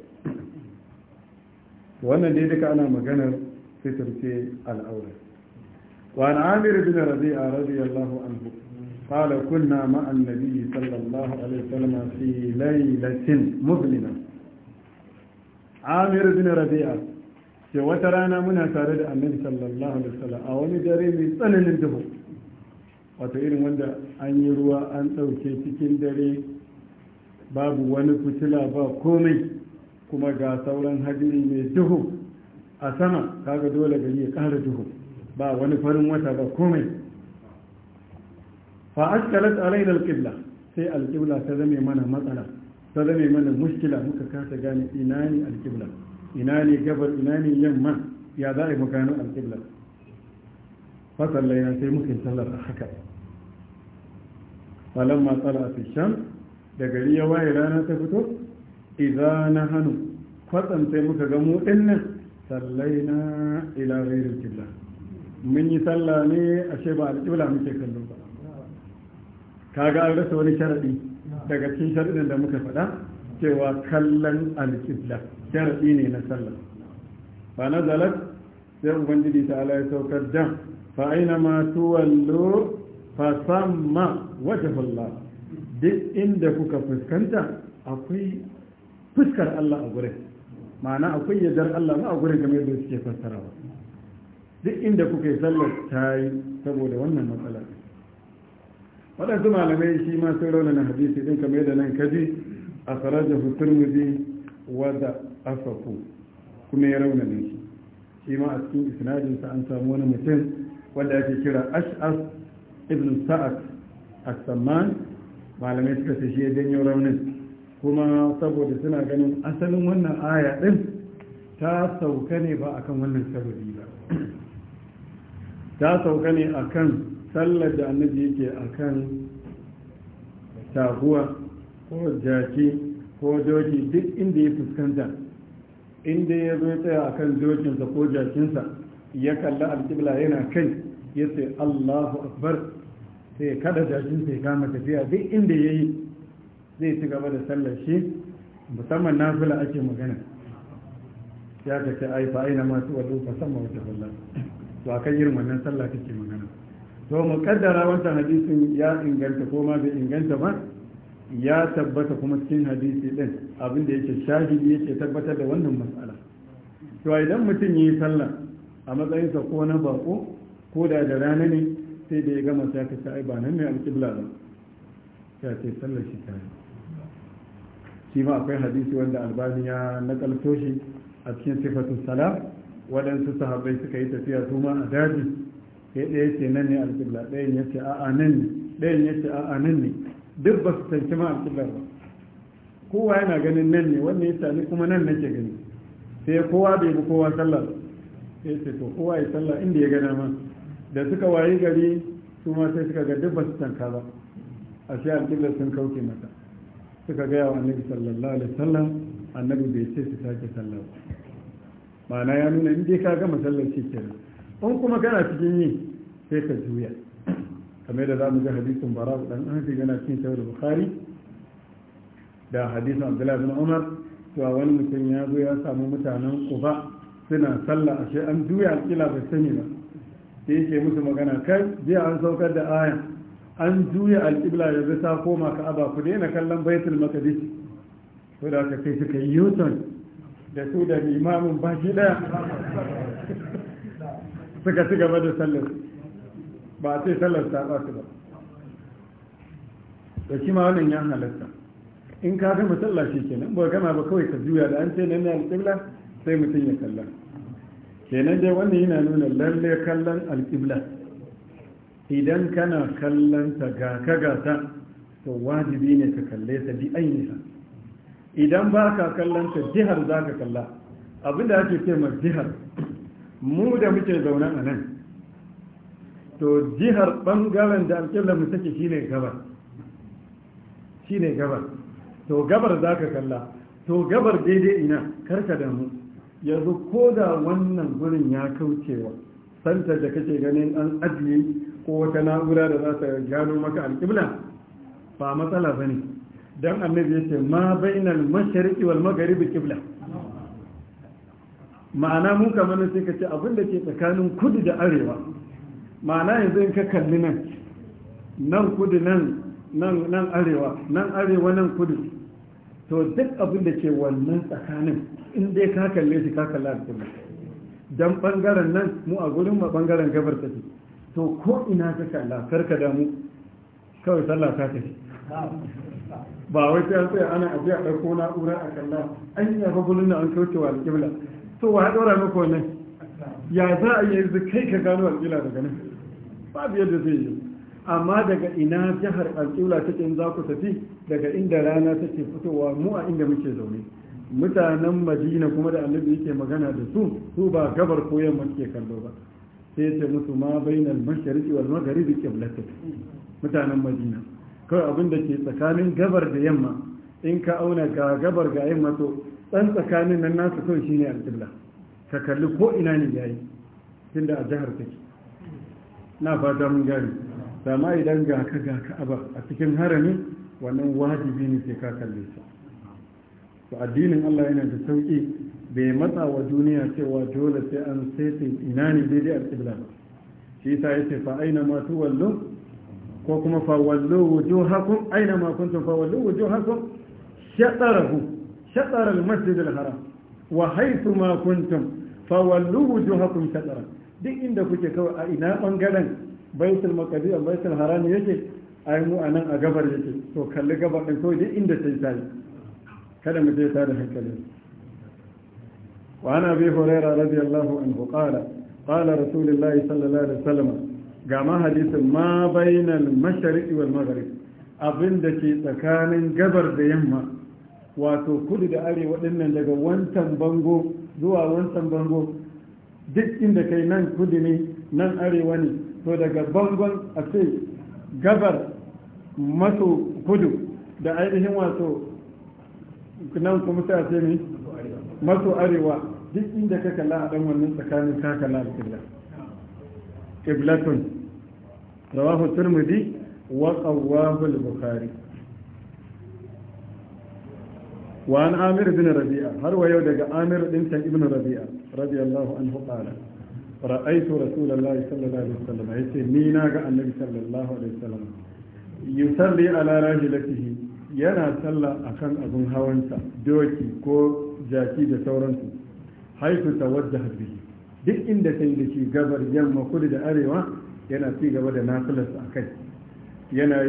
wannan dai duka ana maganar fitar ce al'aura وعن عامر بن ربيعة رضي الله عنه قال كنا مع النبي صلى الله عليه وسلم في ليلة مظلمة عامر بن ربيعة ce wata rana muna tare da annabi sallallahu alaihi wasallam a wani dare mai tsananin duhu wato irin wanda an yi ruwa an ɗauke cikin dare babu wani fitila ba komai kuma ga sauran hadiri mai duhu a sama kaga dole gari ya ƙara duhu ba wani farin wata ba komai fa askalat alaina alqibla sai alqibla ta zame mana matsala ta zame mana mushkila muka kasa gane ina ne alqibla ina ne gabar ina ne yamma ya za a yi makanin alqibla fa sallaina sai muka sallar haka falamma matsala fi sham da gari ya waye rana ta fito na hannu kwatsam sai muka ga mu dinnan sallaina ila ghairil qibla mun yi sallah ne a ce ba alƙibla muke kallo ba kaga an rasa wani sharaɗi daga cikin sharaɗin da muka faɗa cewa kallon alƙibla sharaɗi ne na sallah na zalak sai ubangiji ta ala ya saukar da fa aina ma tuwallo fa samma wajhullah duk inda kuka fuskanta akwai fuskar Allah a gurin ma'ana akwai yadda Allah ma a gurin game da suke fassarawa duk inda kuka yi sallar ta yi saboda wannan matsala waɗansu malamai shi ma sun raunana hadisi din kamar yadda nan kaji a hutun turmuzi wadda asafu kuma ya raunana shi shi ma a cikin isnadinsa an samu wani mutum wanda ake kira ash'as ibn sa'ad as-samman malamai suka ce shi ya janyo raunin kuma saboda suna ganin asalin wannan aya din ta sauka ne ba a kan wannan sababi ba ta sauka ne a kan sallar da annabi yake kan taguwa ko jaki ko doki duk inda ya fuskanta inda ya zo tsaya kan dokinsa ko jakinsa ya kalla alƙibla yana kai ya ce allahu akbar sai ya kada jakinsa ya kama tafiya duk inda ya yi zai ci gaba da sallar shi musamman nafila ake magana ya kace ce aifa aina ma wadu fa sama wata to a kan irin wannan sallah take magana to mu kaddara wannan hadisin ya inganta ko ma bai inganta ba ya tabbata kuma cikin hadisi din abin da yake shahidi yake tabbatar da wannan mas'ala to idan mutum yi sallah a matsayinsa ko na bako ko da da rana ne sai da ya gama sai ka sai ba nan ne alƙibla ba ya ce sallar shi ta shi ma akwai hadisi wanda albani ya nakalto shi a cikin sifatun salam waɗansu sahabbai suka yi tafiya su ma a daji sai ɗaya ce nan ne alƙibla ɗayan ya ce a'a nan ne ɗayan ya ce a'a nan ne duk ba su tanci ma alƙibla ba kowa yana ganin nan ne wannan ya sani kuma nan nake gani sai kowa bai bi kowa sallah sai ce to kowa ya sallah inda ya gana ma da suka wayi gari su ma sai suka ga duk ba su tanka ba a sai alƙibla sun kauce mata suka gaya wa annabi sallallahu alaihi wasallam annabi bai ce su sake sallah ba ma'ana ya nuna in ka gama sallar shi kenan in kuma kana cikin yi sai ka juya kamar da za mu ga hadisin bara dan ahadi yana cikin sahih bukhari da hadisin abdullahi bin umar cewa wani mutum ya zo ya samu mutanen Uba, suna sallah ashe an juya kila bai sani ba sai yake musu magana kai jiya an saukar da aya an juya alƙibla ya ta koma ka'aba ku daina kallon baitul maqdis Ko da aka kai suka yi yuton da su da ba baki daya suka ci gaba da sallar ba sai sallar ta ba su ba da shi ma wannan ya halatta in ka gama sallar shi kenan ba gama ba kawai ka juya da an ce nan ya alƙibla sai mutum ya kalla kenan dai wannan yana nuna lalle kallon alƙibla idan kana kallon ta ga ka gata to wajibi ne ka kalle ta bi ainihin idan ba ka kallon ta jihar za ka kalla abinda ake ce ma jihar mu da muke zaune a nan to jihar bangaren da alƙibla mu take shine gabar shine gabar to gabar za ka kalla to gabar daidai ina karka mu yanzu ko da wannan gurin ya kaucewa santar da kake ganin an ajiye ko wata na'ura da za ta gano maka alƙibla ba matsala ba ne don annabi ya ce ma bainal mashariki wal magharibi qibla ma'ana mun kamar sai ka ce abin da ke tsakanin kudu da arewa ma'ana yanzu in ka kalli nan nan kudu nan nan nan arewa nan arewa nan kudu to duk abin da ke wannan tsakanin in dai ka kalle shi ka kalla alƙibla dan bangaren nan mu a gurin ma bangaren gabar take to ko ina ka kalla karka damu kawai sallah ta tafi ba wai sai ana aje a ɗauko na'ura a kalla an yi abubuwan na an kauce wa alƙibla to wa ɗora maka wannan ya za a yi yanzu kai ka gano alƙibla daga nan babu yadda zai yi amma daga ina jihar alƙibla take in za ku tafi daga inda rana take fitowa mu a inda muke zaune mutanen madina kuma da annabi yake magana da su su ba gabar ko yamma suke kallo ba sai ce musu ma bainal mashariqi wal magharibi qiblatuk mutanen madina kawai abin da ke tsakanin gabar da yamma in ka auna ga gabar ga yamma to ɗan tsakanin nan nasu kawai ne alƙibla ka kalli ko ina ne yayi da a jihar take na fata mun gani sama idan ga ka ga ka'aba a cikin harami wannan wajibi ne sai ka kalle sa to addinin Allah yana da sauki bai matsa wa duniya cewa dole sai an sai ina ne daidai alƙibla ba shi ta yace fa aina ma tuwallu ko kuma fawallu wujuhakum aina ma kuntum fawallu wujuhakum shatarahu shatar al-masjid al-haram wa haifu makuntun kuntum fawallu wujuhakum shatara duk inda kuke kawai a ina bangaren baitul a baitul haram yake ai mu nan a gabar yake to kalli gabar din kawai duk inda sai yi. kada mu je tare hankali Wa ana هريرة رضي radiyallahu عنه قال قال رسول sallallahu alaihi الله عليه ga ma hadisin ma bainal mashariqi wal maghrib abin da ke tsakanin gabar da yamma wato kudu da arewa dinnan daga wancan bango zuwa wancan bango duk inda kai nan kudu ne nan arewa ne to daga bangon a ce gabar maso kudu da ainihin wato nan kuma sai ce ne maso arewa duk inda ka kalla a dan wannan tsakanin ka kalla alƙibla qiblatun rawahu turmudi wa qawahu al-bukhari wa an amir bin rabi'a har wa yau daga amir din san ibn rabi'a radiyallahu anhu qala ra'aytu rasulullahi sallallahu alaihi wasallam yace ni na ga annabi sallallahu alaihi wasallam yusalli ala rajulatihi yana sallah a akan abun hawansa doki ko jaki da sauransu haifu tawajjaha bihi duk inda kai da shi gabar yamma kudu da arewa yana ci gaba da nafilas a kai yana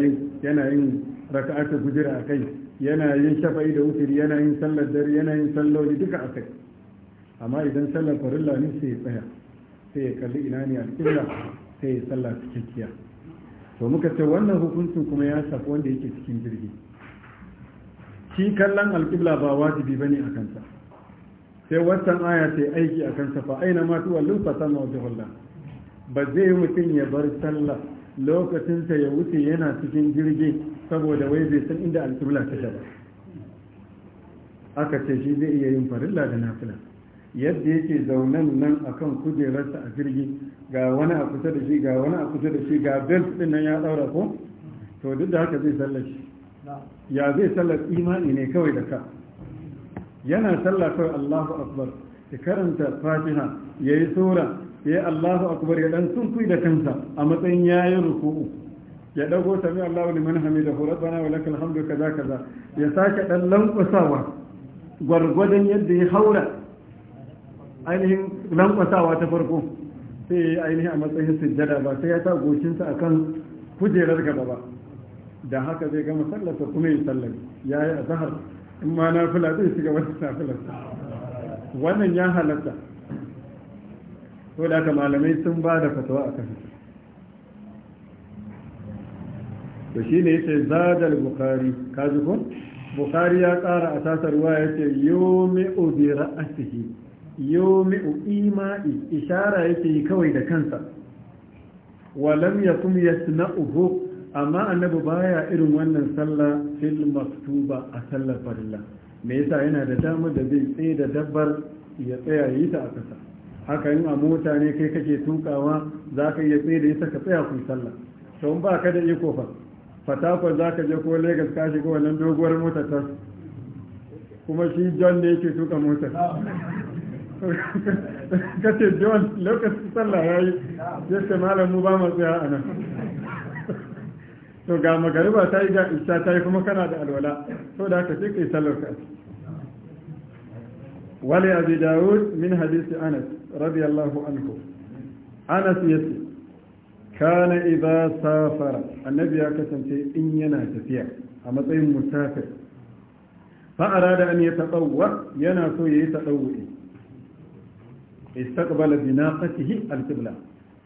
yin raka'atul hujra a kai yana yin shafa'i da wutiri yana yin sallar dare yana yin salloli duka a kai amma idan sallar farilla ne sai ya tsaya sai ya kalli ina ne alƙibla sai ya cikin cikakkiya to muka ce wannan hukuncin kuma ya shafi wanda yake cikin jirgi shi kallon alƙibla ba wajibi bane a kansa sai wancan aya ta aiki a kansa fa aina ma tuwallu fa sama wajhullah ba zai mutum ya bar sallah lokacinsa ya wuce yana cikin jirgi saboda wai zai san inda alƙibla ta ba aka ce shi zai iya yin farilla da nafila yadda yake zaunan nan akan kujerarsa a jirgi ga wani a kusa da shi ga wani a kusa da shi ga belt din nan ya daura ko to duk da haka zai sallar shi ya zai sallar imani ne kawai da ka yana sallar kawai Allahu akbar ya karanta fatiha yi sura ya Allahu akbar ya dan sunkuyi da kansa a matsayin yayin ruku'u ya dago sami Allahu liman hamidahu rabbana wa lakal hamdu kaza kaza ya sake dan lankwasawa gwargwadon yadda ya haura ainihin lankwasawa ta farko sai ya yi ainihin a matsayin sujjada ba sai ya sa goshinsa akan kujerar gaba ba da haka zai gama sallarsa kuma yi sallar ya yi a zahar in ma na fila zai shiga wata na wannan ya halatta ko da malamai sun ba da fatawa a kan to shi ne yace zadal Bukhari. ka ko bukhari ya tsara a tasar ruwa ya ce bi ra'asihi yomi ima'i ishara yake yi kawai da kansa walam yakum yasna'uhu amma annabi baya irin wannan sallah fil maktuba a sallar farilla me yasa yana da damar da zai tsaye da dabbar ya tsaya yi ta a kasa haka yin a mota ne kai kake tukawa za ka iya tsaye da ita ka tsaya kun sallah to in ba ka da iko fa fatakwa za ka je ko lagos ka shiga wannan doguwar mota ta kuma shi john ne yake tuka motar ka ce john lokacin sallah ya yi yadda malam mu ba mu tsaya a nan to ga magariba ta yi ga isa ta yi kuma kana da alwala to da haka sai ka yi sallar ka ولأبي داود من حديث أنس رضي الله عنه أنس يسي كان إذا سافر النبي في إن يناتفيع أما طيب مسافر فأراد أن يتطوع يناسو يتطوعي استقبل بناقته القبلة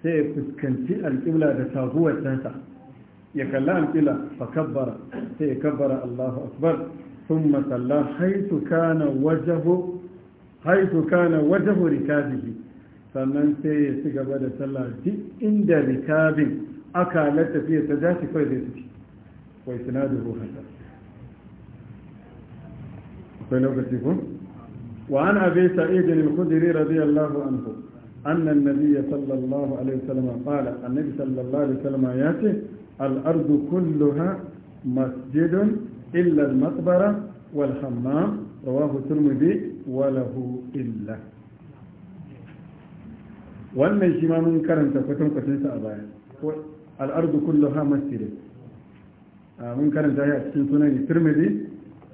سيكسكنتي القبلة لتاغوة تاسع يكلا القبلة فكبر سيكبر الله أكبر ثم صلى حيث كان وجهه حيث كان وجه ركابه فمن سي سيغبا ده صلاه دي عند ركاب اكلت فيه تذاتي فزي تي كويس نادو هو هذا وعن أبي سعيد الخدري رضي الله عنه أن النبي صلى الله عليه وسلم قال النبي صلى الله عليه وسلم ياتي الأرض كلها مسجد إلا المقبرة والحمام رواه الترمذي walahu illa wannan shi ma mun karanta kwatankwacinsa a baya al'ardu kullu ha masjidin mun karanta shi a cikin sunan tirmidhi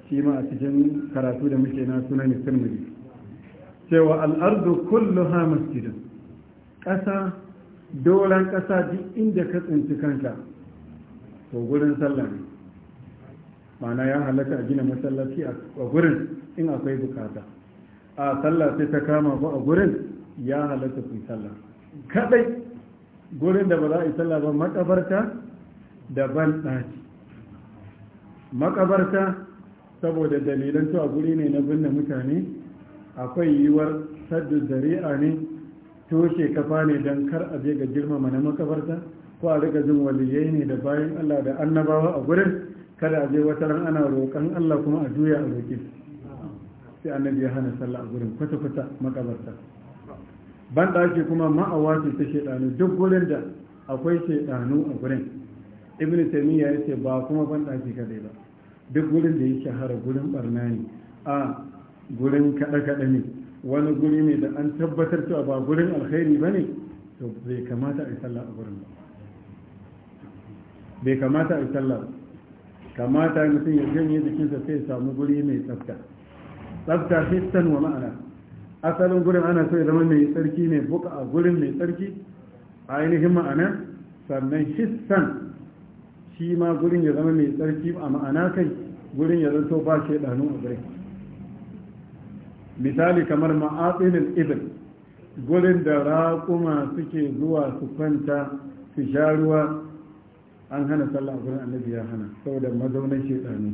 shi ma a cikin karatu da muke na sunan tirmidhi cewa al'ardu kullu ha masjidin ƙasa dolan ƙasa duk inda ka tsinci kanka to gurin sallah ne ma'ana ya halatta a gina masallaci a gurin in akwai bukata a sallah sai ta kama ba a gurin ya halatta su sallah kadai gurin da ba za a yi sallah ba makabarta da ban ɗaki makabarta saboda dalilan cewa guri ne na binne mutane akwai yiwuwar saddu zari'a ne toshe kafa ne don kar a je ga girmama na makabarta ko a riga jin waliyai ne da bayan allah da annabawa a gurin kada a je wata ran ana roƙon allah kuma a juya a roƙi sai annabi ya hana sallah a gurin kwata-kwata makabarta ban ɗaki kuma ma'awa ce ta shaidanu duk gurin da akwai shaidanu a gurin ibn taymiya ya ce ba kuma ban ɗaki kadai ba duk gurin da ya shahara gurin barna ne a gurin kaɗe-kaɗe ne wani guri ne da an tabbatar cewa ba gurin alkhairi ba ne to bai kamata a yi sallah a gurin ba bai kamata a yi sallah kamata mutum ya janye jikinsa sai ya samu guri mai tsafta tsafta hissan wa ma'ana asalin gurin ana so ya zama mai tsarki ne buka a gurin mai tsarki a ainihin ma'ana sannan hissan shi ma gurin ya zama mai tsarki a ma'ana kai gurin ya zanto ba shi ɗanu a gurin misali kamar ma'atsinin ibil gurin da raƙuma suke zuwa su kwanta su sha ruwa an hana sallah a gurin annabi ya hana saboda mazaunin shaidanu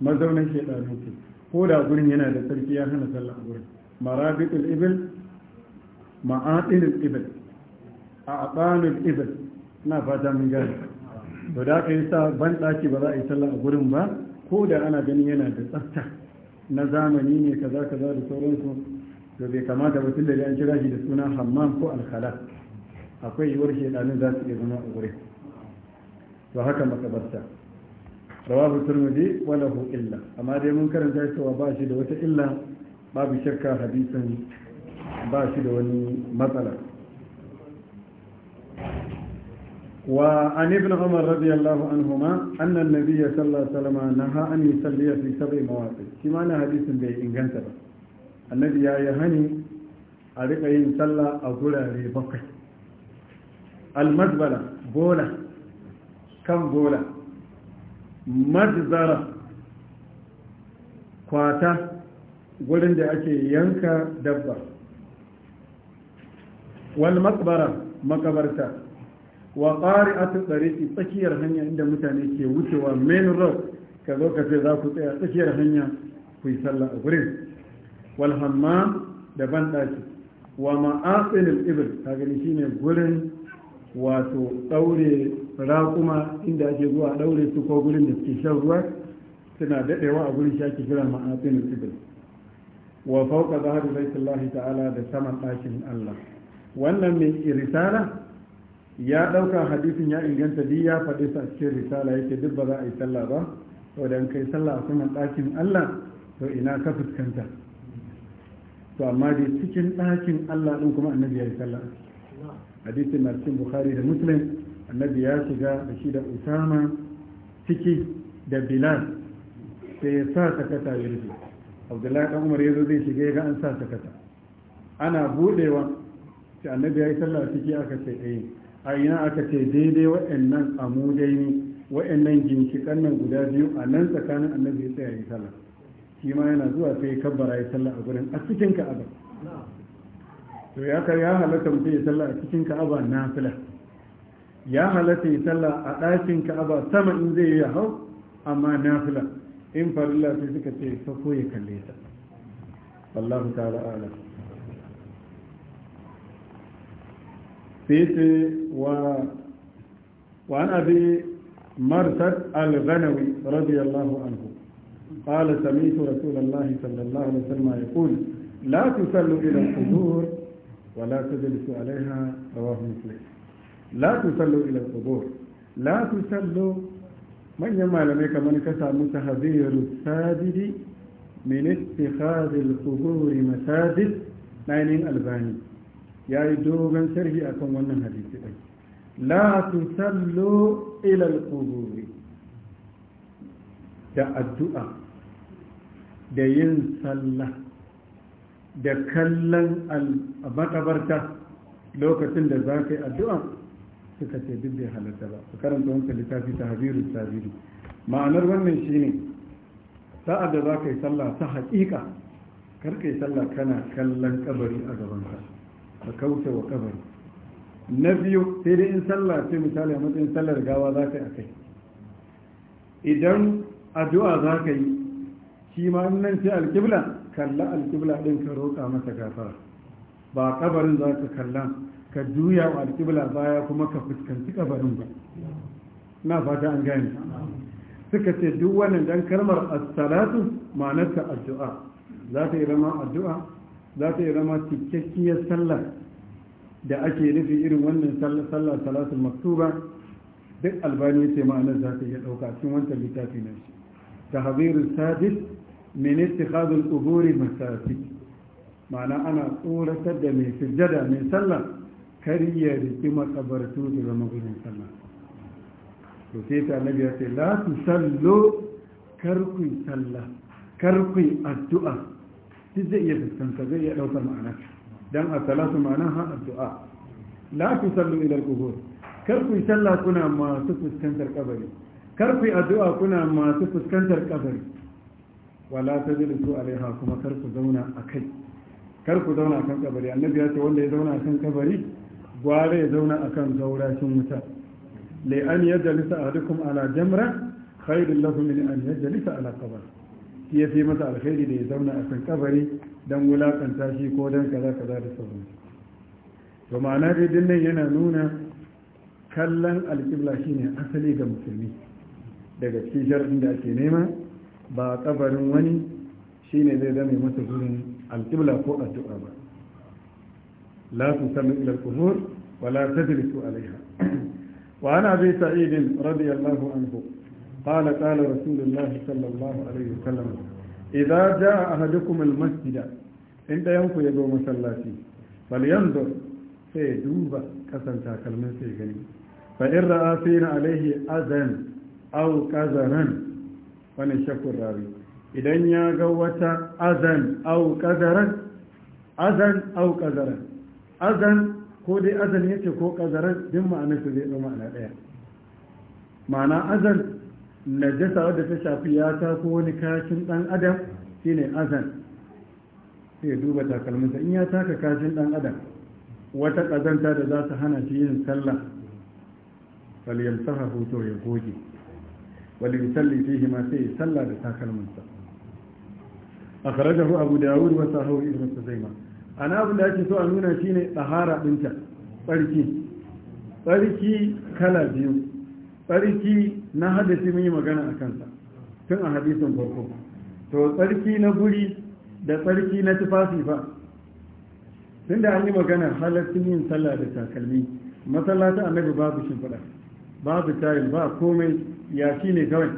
mazaunin shaidanu ke ko da gurin yana da sarki ya hana sallah a gurin marabitul ibil ma'atinul ibil a abanul ibil na fata mun gane to da aka yi sa ban daki ba za a yi sallah a gurin ba ko da ana ganin yana da tsafta na zamani ne kaza kaza da sauransu to bai kamata ba tunda an kira shi da suna hammam ko alkhala akwai yiwuwar shedanin za su iya zama a gurin to haka makabarta rawahu turmudi wa lahu illa amma dai mun karanta cewa ba shi da wata illa babu shakka hadisan ba shi da wani matsala wa an ibn umar radiyallahu anhuma anna da nabiy sallallahu alaihi wasallam naha an yusalli fi sab'i mawaqit shi ma hadisin bai inganta ba annabi ya yi hani a rika yin sallah a gurare bakwai al-mazbala bola kan bola madzara kwata gurin da ake yanka dabba wal makbara makabarta wa qari'atu tariqi tsakiyar hanya inda mutane ke wucewa main road ka zo ka ce za ku tsaya tsakiyar hanya ku yi sallah a gurin wal hamma da banɗaki wa ma'asinil ibil ka gani shine gurin wato daure raƙuma inda ake zuwa ɗaure su ko gurin da suke shan ruwa suna daɗewa a gurin shaki kira ma'afin sibir wa fauka zai baitullahi ta'ala da saman ɗakin Allah wannan mai risala ya ɗauka hadisin ya inganta biyu ya faɗi sa cikin risala yake duk ba za a yi sallah ba To da kai sallah a saman ɗakin Allah to ina ka fuskanta to amma dai cikin ɗakin Allah ɗin kuma annabi ya yi sallah hadisin na cikin Bukhari da Muslim annabi ya shiga da shi da usama ciki da bilal sai ya sa sakata ya rufe abdullahi dan umar yazo zai shiga ga an sa sakata ana budewa sai annabi ya yi sallah ciki aka ce eh a ina aka ce daidai wa'annan amudai ne wa'annan ginshikan nan guda biyu a nan tsakanin annabi ya tsaya ya sallah shi ma yana zuwa sai ya kabbara ya sallah a gurin a cikin ka'aba to ya ya halatta mutum ya sallah a cikin ka'aba fila. ya halatta yi sallah a ɗakin ka'aba sama in zai yi hau amma nafila in farilla sai suka ce sako ya kalle ta wallahu ta'ala ala sai ce wa wa an abi al-ghanawi radiyallahu anhu قال سمعت رسول الله صلى الله عليه وسلم يقول لا تصلوا الى القبور ولا تجلسوا عليها رواه مسلم la tusallu ila al-qubur la manyan malamai kamar ka samu tahziru sajidi min ittikhadh al-qubur masajid nayin albani yayi dogon sharhi akan wannan hadisi din la tusallu ila da addu'a da yin sallah da kallon makabarta lokacin da za ka yi addu'a suka ce duk bai halatta ba su karanta wanka littafi ta habiru biyu ma'anar wannan shi ne. sa'ad da za ka yi sallah ta haƙiƙa karka yi sallah kana kallon kabari a gabanka ka kauce wa kabari na biyu sai dai in sallah ce misali a matsayin sallar gawa za ka yi a kai idan addu'a za ka yi shi ma nan ce alkibla kalla alkibla ɗin ka roƙa masa gafara ba kabarin za ka kalla ka juya wa alƙibla baya kuma ka fuskanci kabarin ba na fata an gane suka ce duk wannan dan kalmar as-salatu ma'anarta addu'a za ta yi zama addu'a za ta yi zama cikakkiyar sallah da ake nufi irin wannan sallah salatul maktuba duk albani ce ma'anar za ta iya ɗauka cikin wancan littafi na shi tahzirul sadis min ittikhadul quburi masajid ma'ana ana tsoratar da mai sujjada mai sallah kar ya riki makabartu da zama gudun sallah to sai ta nabi ya ce la su sallo kar sallah kar addu'a su zai iya fuskanta zai iya ɗaukar ma'ana dan a salatu ma'ana ha addu'a la su sallo ila al-qubur kar sallah kuna masu fuskantar kabari kar addu'a kuna masu fuskantar kabari wala ta su alaiha kuma kar ku zauna a kar ku zauna a kan kabari annabi ya ce wanda ya zauna a kan kabari gware ya zauna a akan gaurashin wuta lai an a dukkan ala jamra khairul lafi min an yajlisa ala kabar shi fi masa alkhairi da ya zauna a kan kabari don wulaƙanta shi ko don kaza kaza da sauran to ma'ana dai dinnan yana nuna kallon alƙibla ne asali ga musulmi daga cikin sharɗin da ake nema ba kabarin wani shi ne zai zame masa gurin alƙibla ko addu'a ba لا تسمى إلى القبور ولا تجلس عليها وعن أبي سعيد رضي الله عنه قال قال رسول الله صلى الله عليه وسلم إذا جاء أحدكم المسجد عند ينكو يدو مسلاتي فلينظر سيدوب كسن تاكلمن سيغني فإن رأى فينا عليه أذن أو كذرا ونشك الراوي إذن يا قوة أذن أو كذرا أذن أو كذرا azan ko dai azan yake ko kazara din ma'anar su zai zama ma'ana ɗaya ma'ana azan najasa wadda ta shafi ya ta ko wani kashin ɗan adam shine azan sai ya duba takalminsa in ya taka kashin ɗan adam wata ƙazanta da za su hana shi yin sallah falyamsaha hoto ya goge wali yusalli fihi ma sai sallah da takalminsa akhrajahu abu dawud wa sahawi ibn suzaimah ana abin da ake so a nuna shi ne ɗahara ɗinta tsarki tsarki kala biyu tsarki na hadasi mun yi magana a kansa tun a hadisin farko to tsarki na guri da tsarki na tufafi ba tun da an yi magana halattun yin sallah da takalmi masallata annabi babu shimfiɗa babu tayin ba komai ya shi ne kawai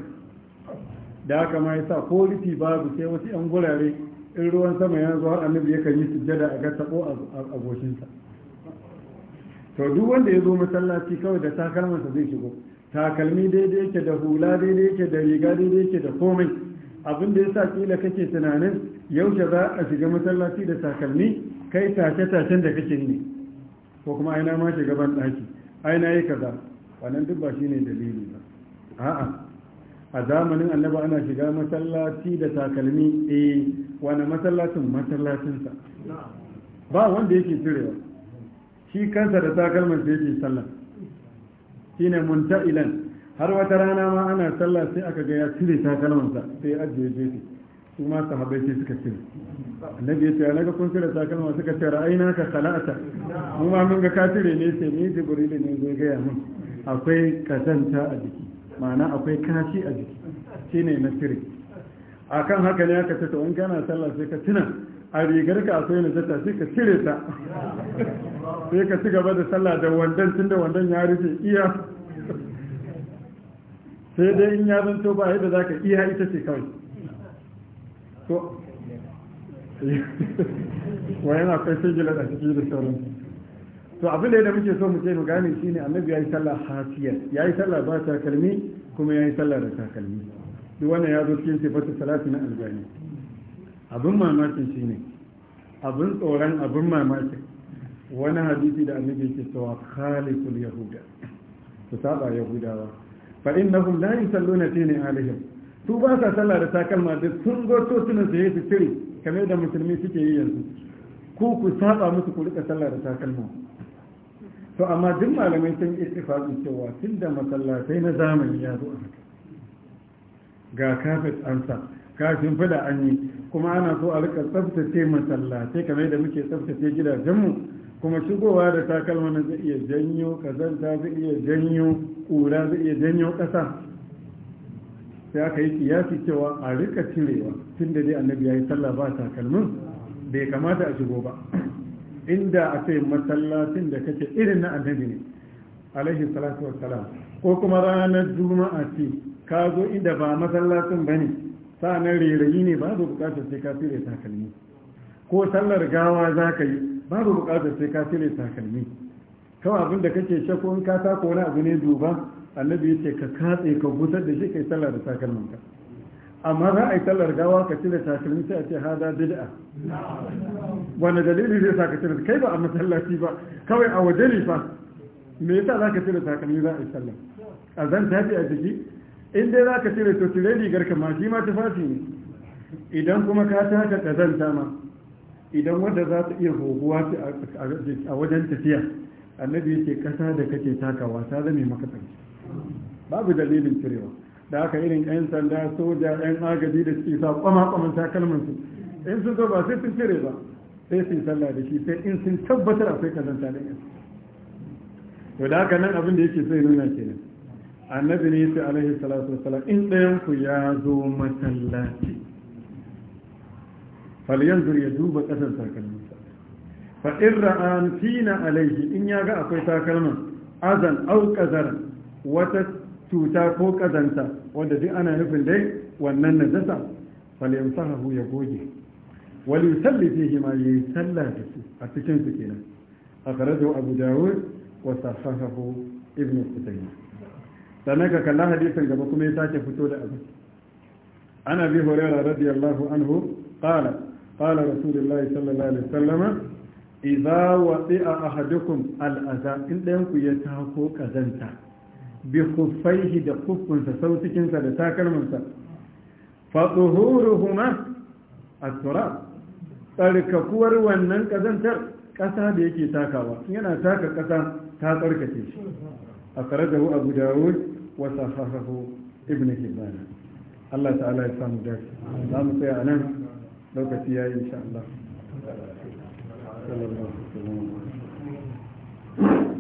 da aka ma ya sa ko babu sai wasu yan gurare in ruwan sama ya zo har annabi yakan yi sujjada a ga tabo a goshinsa to duk wanda ya zo masallaci kawai da takalmansa zai shigo takalmi daidai yake da hula daidai yake da riga daidai yake da komai abin da ya sa kila kake tunanin yaushe za a shiga masallaci da takalmi kai tashe-tashen da kake ne ko kuma aina ma shiga ban ɗaki aina yi kaza wannan duk ba shine dalili ba a'a a zamanin annaba ana shiga masallaci da takalmi eh wani masallacin masallacinsa ba wanda yake cirewa shi kansa da takalman sai yake sallah Shi ne munta'ilan har wata rana ma ana sallah sai aka ga ya cire takalmansa sai ajiye jefi su ma sahabbai sai suka cire annabi ya ce naga kun cire takalma suka ce ra'ayina ka sala'ata mu ma mun ga ka cire ne sai ni jibril ne zai gaya mun akwai kasanta a jiki ma'ana akwai kashi a jiki shi ne na sirri a kan haka ne aka ce to in kana sallah sai ka tuna a rigar ka akwai na zata sai ka cire ta sai ka ci gaba da sallah da wandan tunda wandan ya rufe iya sai dai in ya zanto ba yadda za ka iya ita ce kawai to wayan akwai singila a ciki da sauransu to abin da muke so mu ce mu gane shine annabi yayi sallah hafiya yayi sallah ba takalmi kuma yayi sallah da takalmi duk wannan ya zo cikin sifatu salati na albani abin mamakin shine abin tsoron abin mamakin wani hadisi da annabi yake cewa khaliqul yahuda su saba yahudawa fa innahum la yusalluna fi ni'alihim su ba sa sallah da takalma da sun go to sunan su yi su tiri kamar da musulmi suke yi yanzu ku ku saba musu ku rika sallah da takalma to amma duk malamai sun yi istifadin cewa tun da masallatai na zamani ya zo a haka ga kafet ansa kafin fada an yi kuma ana so a rika tsaftace masallatai kamar da muke tsaftace gidajenmu kuma shigowa da takalma na zai iya janyo kazanta zai iya janyo ƙura zai iya janyo ƙasa sai aka yi kiyasi cewa a rika cirewa tun da dai annabi ya yi sallah ba takalmin bai kamata a shigo ba inda a ce masallacin da kake irin na annabi ne alaihi salatu wassalam ko kuma ranar juma'a ce ka zo inda ba masallacin bane sanan rerayi ne babu bukatar sai ka tsire takalmi ko sallar gawa za ka yi babu bukatar sai ka tsire takalmi kawai abin da kake shakko in ka sako wani abu ne duba annabi ya ce ka katse ka gusar da shi kai sallar da ka amma za a yi tallar gawa ka cire takalmi sai a ce hada bid'a wani dalili zai sa ka cire kai ba a masallaci ba kawai a waje ne fa me yasa za ka cire takalmi za a yi sallar a zan tafi a jiki in dai za ka cire to cire rigar ka ma shi ma tufafi ne idan kuma ka taka zan tama idan wanda za ta iya goguwa a wajen tafiya annabi yake kasa da kake takawa ta zame maka babu dalilin cirewa da aka irin 'yan sanda soja 'yan agaji da suke sa kwama-kwaman su in sun zo ba sai sun cire ba sai sun sallah da shi sai in sun tabbatar akwai kazanta da yansu to da haka nan abin da yake sai nuna kenan annabi ne sai alaihi salatu wasalam in ɗayan ku ya zo masallaci falyanzur ya duba ƙasar sa fa in ra'an fina alaihi in ya ga akwai takalman azan au kazaran wata cuta ko kazanta wanda duk ana nufin dai wannan najasa falyamsahu ya goge wal yusalli fihi ya yi sallah da su a cikin su kenan akhrajahu abu dawud wa sahahu ibn qutaybah sannan ka kalla hadisin gaba kuma ya sake fito da abu ana bi hurairah radiyallahu anhu qala qala rasulullahi sallallahu alaihi wasallam idza wa'a ahadukum al-adha in dayan ku ya tako kazanta bi khuffaihi da kuffunsa sautikinsa da takalminsa fa at-turab tsarkakuwar wannan kazantar ƙasa da yake takawa yana taka ƙasa ta tsarkace shi a karajahu abu dawud wa sahahahu ibn hibban Allah ta'ala ya samu dace za mu tsaya nan lokaci yayi insha Allah sallallahu alaihi wasallam